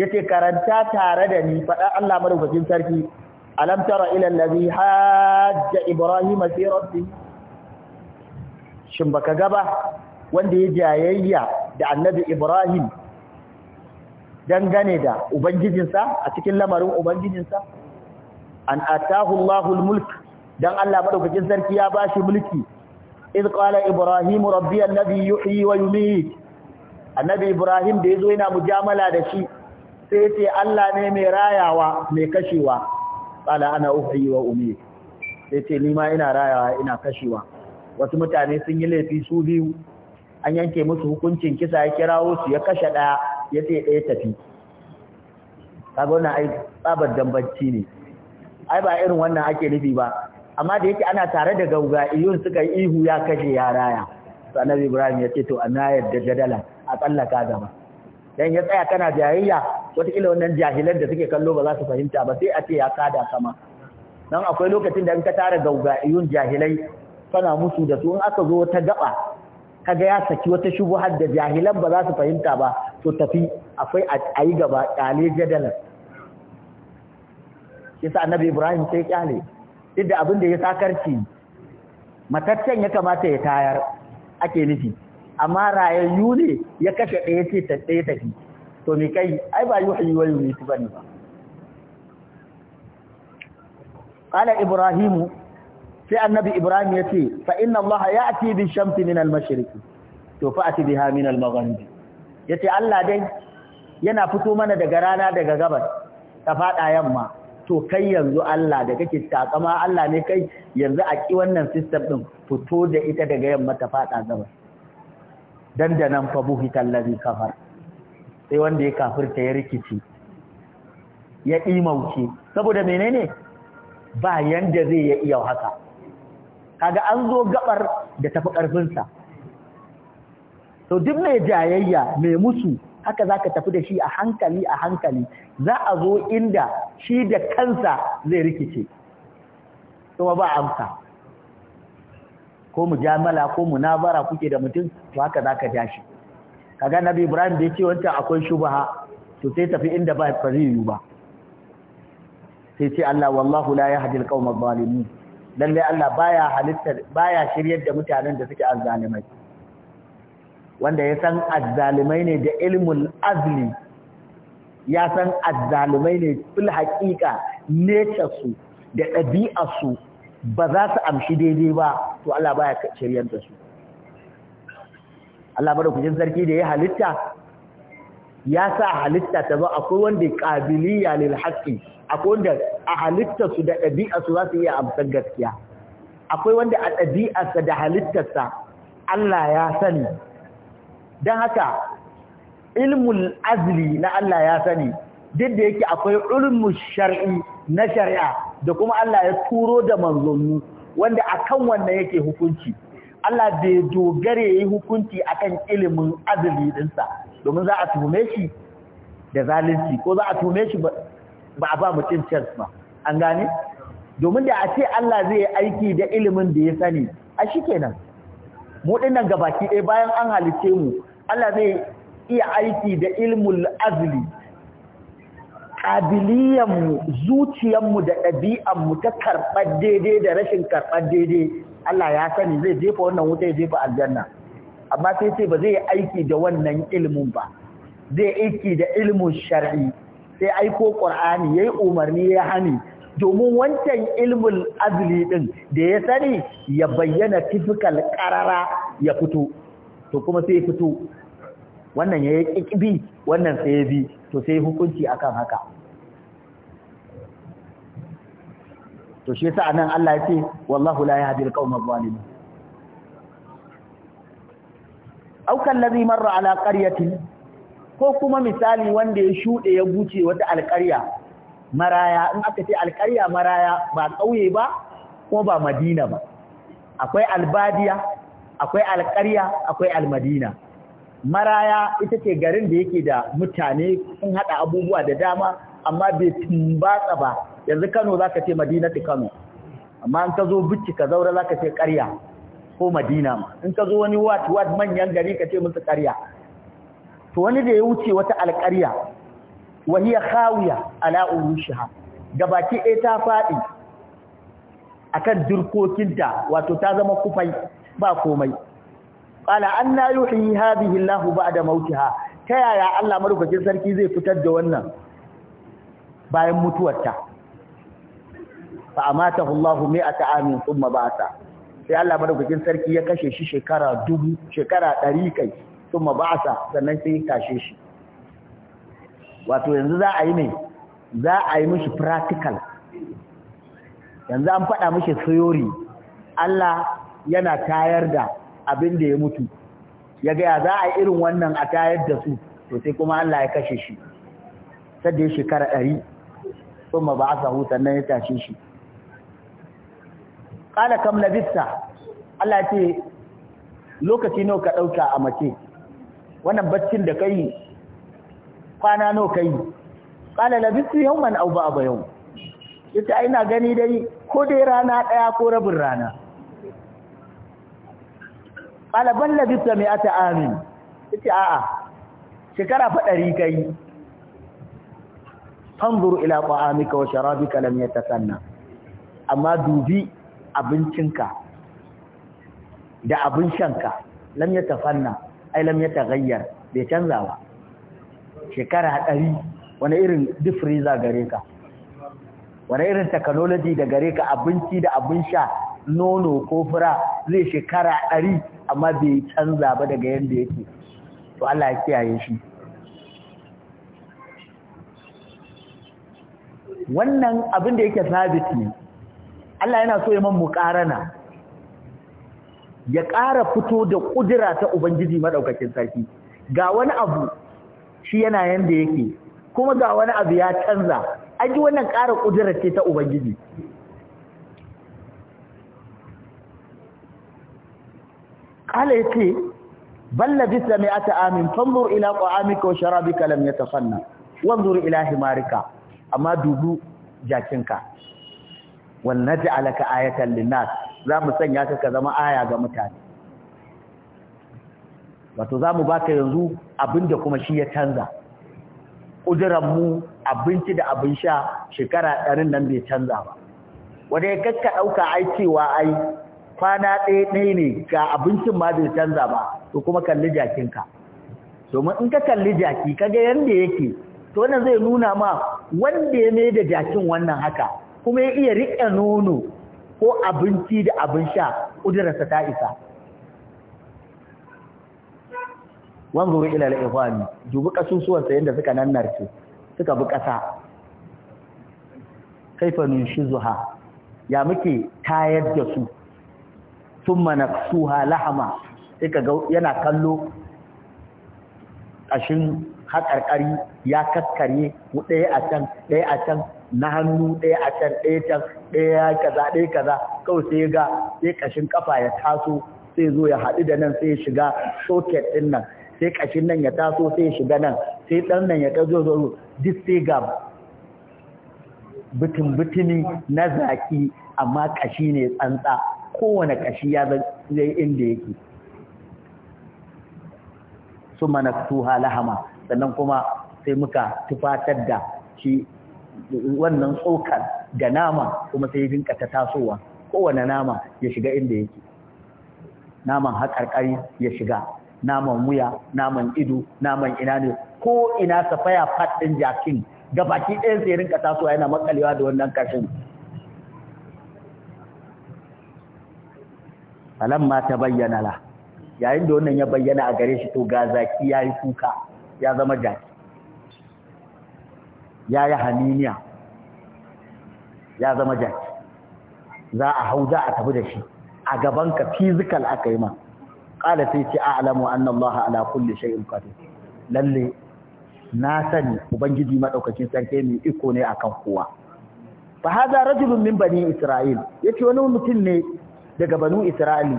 yace karanta tare da ni faɗa Allah madaukakin sarki alam tara ila allazi hajja ibrahima fi shin baka ga ba wanda ya jayayya da annabi Ibrahim dangane da ubangijinsa a cikin lamarin ubangijinsa an atahu Allahul mulk dan Allah madaukakin sarki ya ba shi mulki iz qala Ibrahim rabbi alladhi yuhyi wa yumiit annabi Ibrahim da yazo yana mujamala da shi sai ce Allah ne mai rayawa mai kashewa qala ana uhyi wa umiit sai ce ni ma ina rayawa ina kashewa wasu mutane sun yi laifi su biyu an yanke musu hukuncin kisa ya kirawo su ya kashe ɗaya ya ce ɗaya tafi kaga wannan ai tsabar dambanci ne ai ba irin wannan ake nufi ba amma da yake ana tare da gauga, iyun suka yi ihu ya kashe ya raya annabi ibrahim ya ce to ana yadda jadala a tsallaka gaba dan ya tsaya kana jayayya wataƙila wannan jahilan da suke kallo ba za su fahimta ba sai a ce ya kada kama don akwai lokacin da in ka tara iyun jahilai kana musu da su in aka zo wata gaba kaga ya saki wata har da jahilan ba za su fahimta ba to tafi akwai a yi gaba kyale jadalan yasa annabi ibrahim sai kyale duk da abin da ya sakarci mataccen ya kamata ya tayar ake nufi amma rayayyu ne ya kashe ɗaya ce ta ɗaya tafi to me kai ai ba yi wa yi ba قال ibrahimu sai annabi ibrahim ya ce fa inna allaha ya'ti bi shamsi min al-mashriqi to fa ati biha min al-maghribi yace Allah dai yana fito mana daga rana daga gabas ta fada yamma to kai yanzu Allah da kake takama Allah ne kai yanzu a ki wannan system din fito da ita daga yamma ta fada gabas Dan da nan fa buhital ladhi kafar sai wanda ya kafirta ya rikici ya imauce saboda menene ba yanda zai ya iya haka kaga an zo gabar da tafi ƙarfinsa to duk mai jayayya mai musu haka zaka tafi da shi a hankali a hankali za a zo inda shi da kansa zai rikice kuma ba amsa ko mujamala ko Nabara, kuke da mutum to haka za ja shi kaga nabi ibrahim da ya ce wancan akwai shubaha to sai tafi inda ba fariyu ba sai ce Allah wallahu la yahdi al-qawma adh-dhalimin lallai Allah baya halittar baya shiryar da mutanen da suke azzalimai wanda ya san azzalimai ne da ilmul azli ya san azzalumai ne fil haƙiƙa su da su, ba za su amshi daidai ba to Allah baya shiryar da su Allah kujin sarki da ya halitta ya sa halitta ta zo akwai wanda qabiliya lil haqqi akwai wanda a halittarsu da ɗabi'arsu za su iya amsar gaskiya akwai wanda a ɗabi'arsa da halittarsa Allah ya sani don haka ilmul azli na Allah ya sani duk da yake akwai ilmul shari'i na shari'a da kuma Allah ya turo da manzanni wanda akan wannan yake hukunci Allah bai dogare yi hukunci akan ilimin azli dinsa domin za a tume shi da zalunci ko za a tume shi ba a ba mutum chance ba an gane domin da a ce Allah zai aiki da ilimin da ya sani a shikenan mu dinnan gabaki ɗaya bayan an halice mu Allah zai iya aiki da ilmul azli ƙabiliyanmu zuciyanmu da mu ta karɓar daidai da rashin karɓar daidai Allah ya sani zai jefa wannan wuta ya jefa aljanna amma sai ce ba zai aiki da wannan ilimin ba zai aiki da ilimin shar'i sai aiko ƙwar'ani ya yi umarni ya hani domin wancan ilmul azli ɗin da ya sani ya bayyana tifikal ƙarara ya fito to kuma sai ya fito wannan ya yi bi wannan sai ya bi to sai hukunci akan haka to shi yasa nan Allah ya ce wallahu la yahdi al-qawma adh-dhalimin aw kallazi marra ala qaryatin ko kuma misali wanda ya shuɗe ya buce wata alƙarya maraya in aka ce alƙarya maraya ba ƙauye ba ko ba madina ba akwai albadiya akwai alƙarya akwai almadina maraya ita ce garin da yake da mutane sun haɗa abubuwa da dama amma bai tumbatsa ba yanzu kano za ka ce madinatu kano amma in ka zo bicci ka zaura za ka ce ƙarya ko madina in ka zo wani wat wat manyan gari ka ce musu ƙarya to wani da ya wuce wata alƙarya wa hiya khawiya ala urushiha gabaki ɗaya ta faɗi akan dirkokinta wato ta zama kufai ba komai qala anna yuhyi hadhihi Allah ba'da mautiha ta yaya Allah madaukakin sarki zai fitar da wannan bayan mutuwarta fa amatahu Allah mi'ata amin thumma ba'atha sai Allah madaukakin sarki ya kashe shi shekara dubu shekara 100 kai sun ba'asa sannan sai kashe shi wato yanzu za a yi ne za a yi mishi practical yanzu an faɗa mishi theory Allah yana tayar da abin da ya mutu ya gaya za a yi irin wannan a tayar da su to sai kuma Allah ya kashe shi sadda ya shekara ɗari sun ma ba a sahu sannan ya tashe shi ƙala kam labista Allah ce lokaci nawa ka ɗauka a mace wannan baccin da kai kwana nawa kai qala labistu yawman aw ba yau yace ai ina gani dai ko dai rana daya ko rabin rana qala ban labista mi'ata amin yace a'a shekara fa dari kai fanzuru ila qa'amika wa sharabika lam yatasanna amma dubi abincinka da abin shanka lam yatasanna ai lam tagayyar bai canza ba shekara ɗari wani irin duk gare ka wani irin technology da gare ka abinci da abin sha nono ko fura zai shekara ɗari amma bai canza ba daga yadda yake to Allah ya kiyaye shi wannan abin da yake sabiti Allah yana so ya man muƙarana ya ƙara fito da ƙudura ta Ubangiji maɗaukakin sarki ga wani abu shi yana yanda yake kuma ga wani abu ya canza an wannan ƙara ƙudura ce ta Ubangiji ƙala ya ce bisa mai ata amin fanzur ila ƙwa'amika wa sharabi kalam ya tafanna wanzur ila himarika amma dubu jakinka wannan ji alaka ayatan linnas za mu sanya ka ka zama aya ga mutane wato za mu baka yanzu abinda kuma shi ya canza mu abinci da abin sha shekara ɗarin nan bai canza ba wanda ya kakka ɗauka ai cewa ai kwana ɗaya ɗaya ne ga abincin ma bai canza ba to kuma kalli jakinka domin in ka kalli jaki ka ga yanda yake to wannan zai nuna ma wanda ya mai da jakin wannan haka kuma ya iya riƙe nono ko abinci da abin sha ƙudurarsa ta isa wanzuru ila al-ihwani dubi kasusuwan sa yanda suka nannarce suka bi ƙasa kaifa zuha. ya muke tayar da su thumma naksuha lahama sai ga yana kallo ƙashin haƙarƙari ya kaskare ɗaya a can ɗaya a can na hannu ɗaya a can ɗaya can ɗaya kaza ɗaya kaza kawai sai ga sai kashin kafa ya taso sai zo ya haɗu da nan sai ya shiga socket ɗin nan sai kashin nan ya taso sai ya shiga nan sai ɗan nan ya ɗazo zo duk sai ga bitin bitini na zaƙi amma ƙashi ne tsantsa kowane kashi ya zai inda yake su manaktuha lahama sannan kuma sai muka tufatar da shi wannan tsokar da nama kuma sai dinka ta tasowa kowane nama ya shiga inda yake naman haƙarƙari ya shiga naman wuya naman ido naman ina ne ko ina safaya faɗin jakin gabaki ɗayan sai rinka tasowa yana makalewa da wannan kashin ma ta bayyana la yayin da wannan ya bayyana a gare shi to ga zaki yayi kuka ya zama jaki ya yi haniniya ya zama jaki za a hau za a tafi da shi a gabanka fizikal aka yi ma ƙala sai ce a alamu an Allah ala shai in qadir lalle na sani ubangiji maɗaukacin sarki ne iko ne kan kowa fa hada rajulun min bani isra'il yace wani mutum ne daga banu isra'il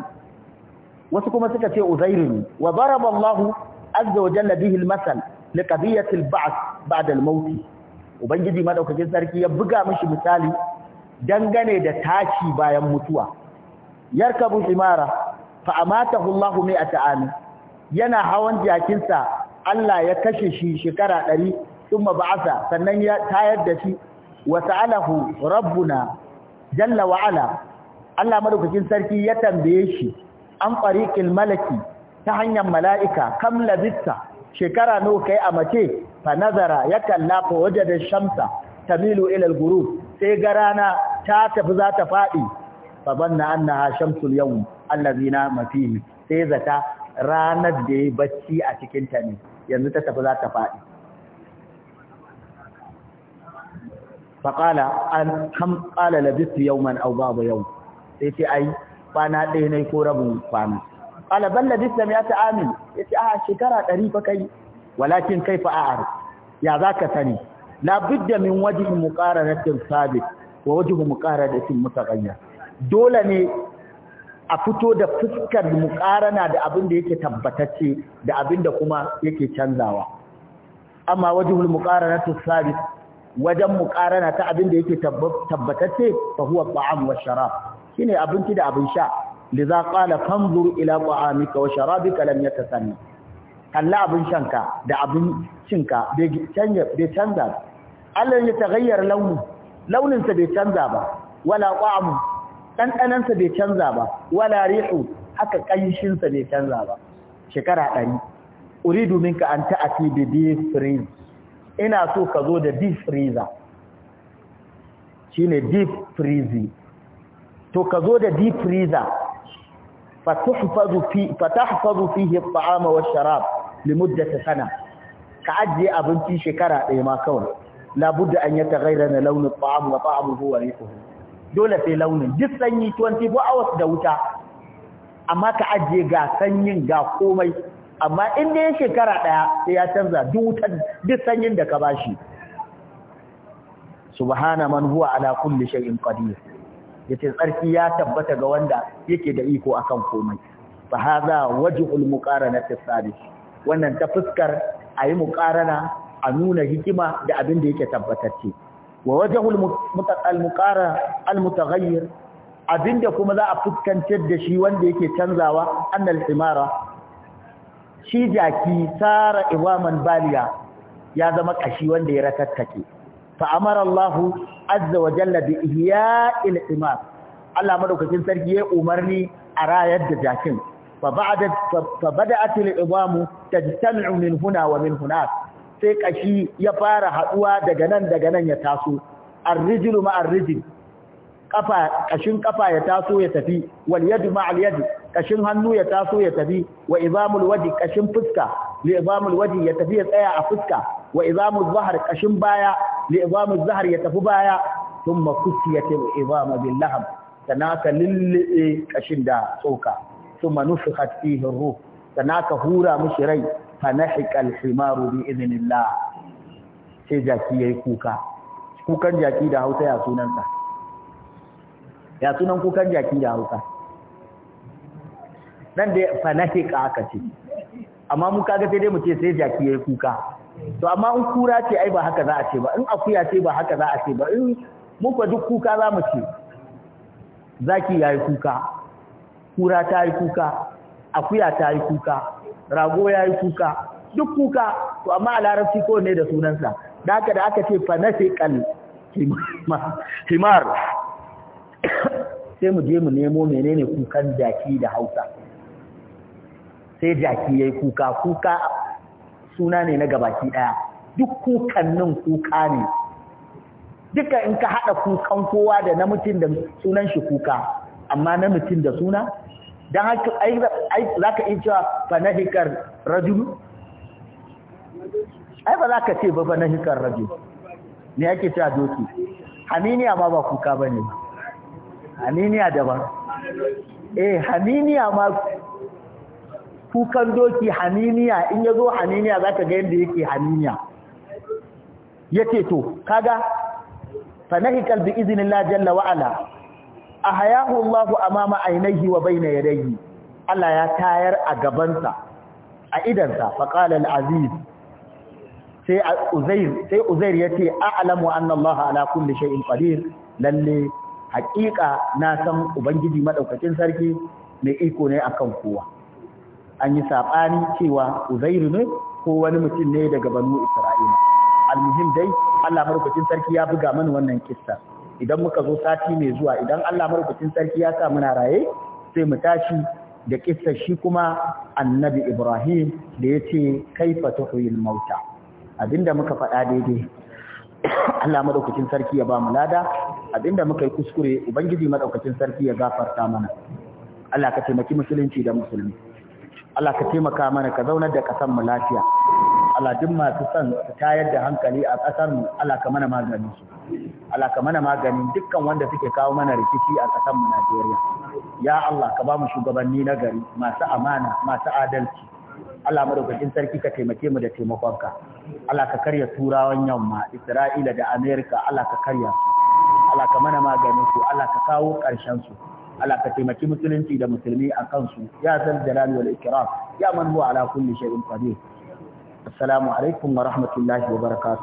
wasu kuma suka ce uzairu ne wa daraba Allahu azza wa jalla bihi al-masal li qadiyati al-ba'th ba'da al ubangiji madaukakin sarki ya buga mashi misali dangane da tashi bayan mutuwa yarkabu imara fa amatahu Allahu a amin yana hawan jakinsa Allah ya kashe shi shekara 100 sun ba'asa sannan ya tayar da shi wa alahu, rabbuna jalla wa ala Allah madaukakin sarki ya tambaye shi an fariqil malaki ta hanyar mala'ika kam labitta shekara nawa kai a mace fa nazara ya kalla fa wajada shamsa tamilu ila al sai garana rana ta tafi za ta fadi fa banna annaha shamsul yawm allazi nama sai zata ranar da yayi bacci a cikin ta ne yanzu ta tafi za ta fadi fa qala an kam qala labistu yawman aw ba'da yawm sai ce ai kwana ɗaya ne ko rabin kwana qala bal labista ya ta amin yace a shekara ɗari fa kai walakin kaifa a'ar ya zaka sani la budda min wajhi muqararatin sabit wa wajhi muqararatin mutaghayyir dole ne a fito da fuskar muqarana da abin da yake tabbatacce da abin da kuma yake canzawa amma wajhul muqaranatu sabit wajen muqarana ta abin da yake tabbatacce fa huwa ta'am wa sharab shine abinci da abin sha liza qala fanzur ila ta'amika wa sharabika lam yatasanna kalla abin shanka da abin cinka bai canza bai Allah ya tagayyar launu launin bai canza ba wala qa'mu dandanan bai canza ba wala rihu haka kanshin sa bai canza ba shekara ɗari uridu minka an ta'ati bi deep ina so ka zo da deep freezer shine deep to ka zo da deep freezer فتحفظ في فتحفظ فيه الطعام والشراب لمدة سنة كأجي أبنتي شكرا إما كون لابد أن يتغيرن لون الطعام وطعمه وريحه dole sai launin duk sanyi 24 hours da wuta amma ka ajiye ga sanyin ga komai amma in dai shekara daya sai ya canza duk wutan duk sanyin da ka bashi subhana man huwa ala kulli shay'in qadir yace tsarki ya tabbata ga wanda yake da iko akan komai fa hadha wajhul muqaranati sadis wannan ta fuskar ayi muqarana a nuna hikima da abin da yake tabbatacce wa wajhul mutaqal muqara al mutaghayyir abinda kuma za a fuskantar da shi wanda yake canzawa annal himara shi jaki sara iwaman baliya ya zama kashi wanda ya ratattake فأمر الله عز وجل بإحياء الإمام الله مدوكتين سرقية أمرني أراية جاكين فبعدت فبدأت العظام تجتمع من هنا ومن هناك sai kashi ya fara haduwa daga nan daga nan ya taso ar-rijlu ma ar kashin kafa ya taso ya tafi wal ma al kashin hannu ya taso ya tafi wa ya tafi ya tsaya a fuska wa izamul zahar kashin baya li'ibamu zahar ya tafi baya sun makuti ya ce ibama billaham sana ka lullube kashin da tsoka sun manufi hatsihin ruh sana ka hura mishi rai fa nahikal himaru bi idinillah sai jaki yayi kuka kukan jaki da hausa ya sunansa ya sunan kukan jaki da hausa nan da fanahika aka ce amma mu kaga sai dai mu sai jaki yayi kuka to amma in kura ce ai ba haka za a ce ba in akuya ce ba haka za a ce ba in muka duk kuka za mu ce zaki ya yi kuka kura ta yi kuka akuya ta yi kuka rago ya yi kuka duk kuka to amma a larabci ko ne da sunansa da haka da aka ce fanafikal himar sai mu je mu nemo menene kukan jaki da hausa sai jaki ya yi kuka kuka suna ne na gabaki ɗaya duk kukan nin kuka ne duka in ka haɗa kukan kowa da na mutum da sunan shi kuka amma na mutum da suna don haka za ka yi cewa fanahikar rajulu ai ba za ka ce ba fanahikar rajulu ne ake cewa doki haniniya ma ba kuka ba ne haniniya daban eh haniniya ma kukan doki haniniya in ya zo haniniya za ka ga yadda yake haniniya ya ce to kaga fanahikal bi izinillah jalla wa'ala a hayahu Allahu amama ainihi wa bayna yadayhi Allah ya tayar a gabansa a idansa faqala al-aziz sai uzair sai uzair yace a'lamu anna Allah ala kulli shay'in qadir lalle Hakika na san ubangiji madaukakin sarki mai iko ne akan kowa an yi saɓani cewa uzairu ne ko wani mutum ne daga banu isra'ila almuhim dai allah marukacin sarki ya buga mana wannan kista. idan muka zo sati mai zuwa idan allah marukacin sarki ya sa muna raye sai mu tashi da kissa shi kuma annabi ibrahim da ya ce kai tuhuyil mauta abinda muka faɗa daidai allah marukacin sarki ya ba mu lada abinda muka yi kuskure ubangiji madaukakin sarki ya gafarta mana Allah ka taimaki musulunci da musulmi Allah ka taimaka mana ka zaunar da ƙasar mu lafiya Allah duk masu son su tayar da hankali a ƙasar mu Allah ka mana maganin su Allah ka mana maganin dukkan wanda suke kawo mana rikici a ƙasar mu Najeriya ya Allah ka ba mu shugabanni na gari masu amana masu adalci Allah madaukakin sarki ka taimake mu da taimakonka Allah ka karya turawan yamma Isra'ila da Amerika Allah ka karya su Allah ka mana maganin su Allah ka kawo ƙarshen su Allah taimaki musulunci da musulmi a kansu ya san jalali wal ikram ya man huwa ala kulli shay'in qadir assalamu alaikum wa rahmatullahi wa barakatuh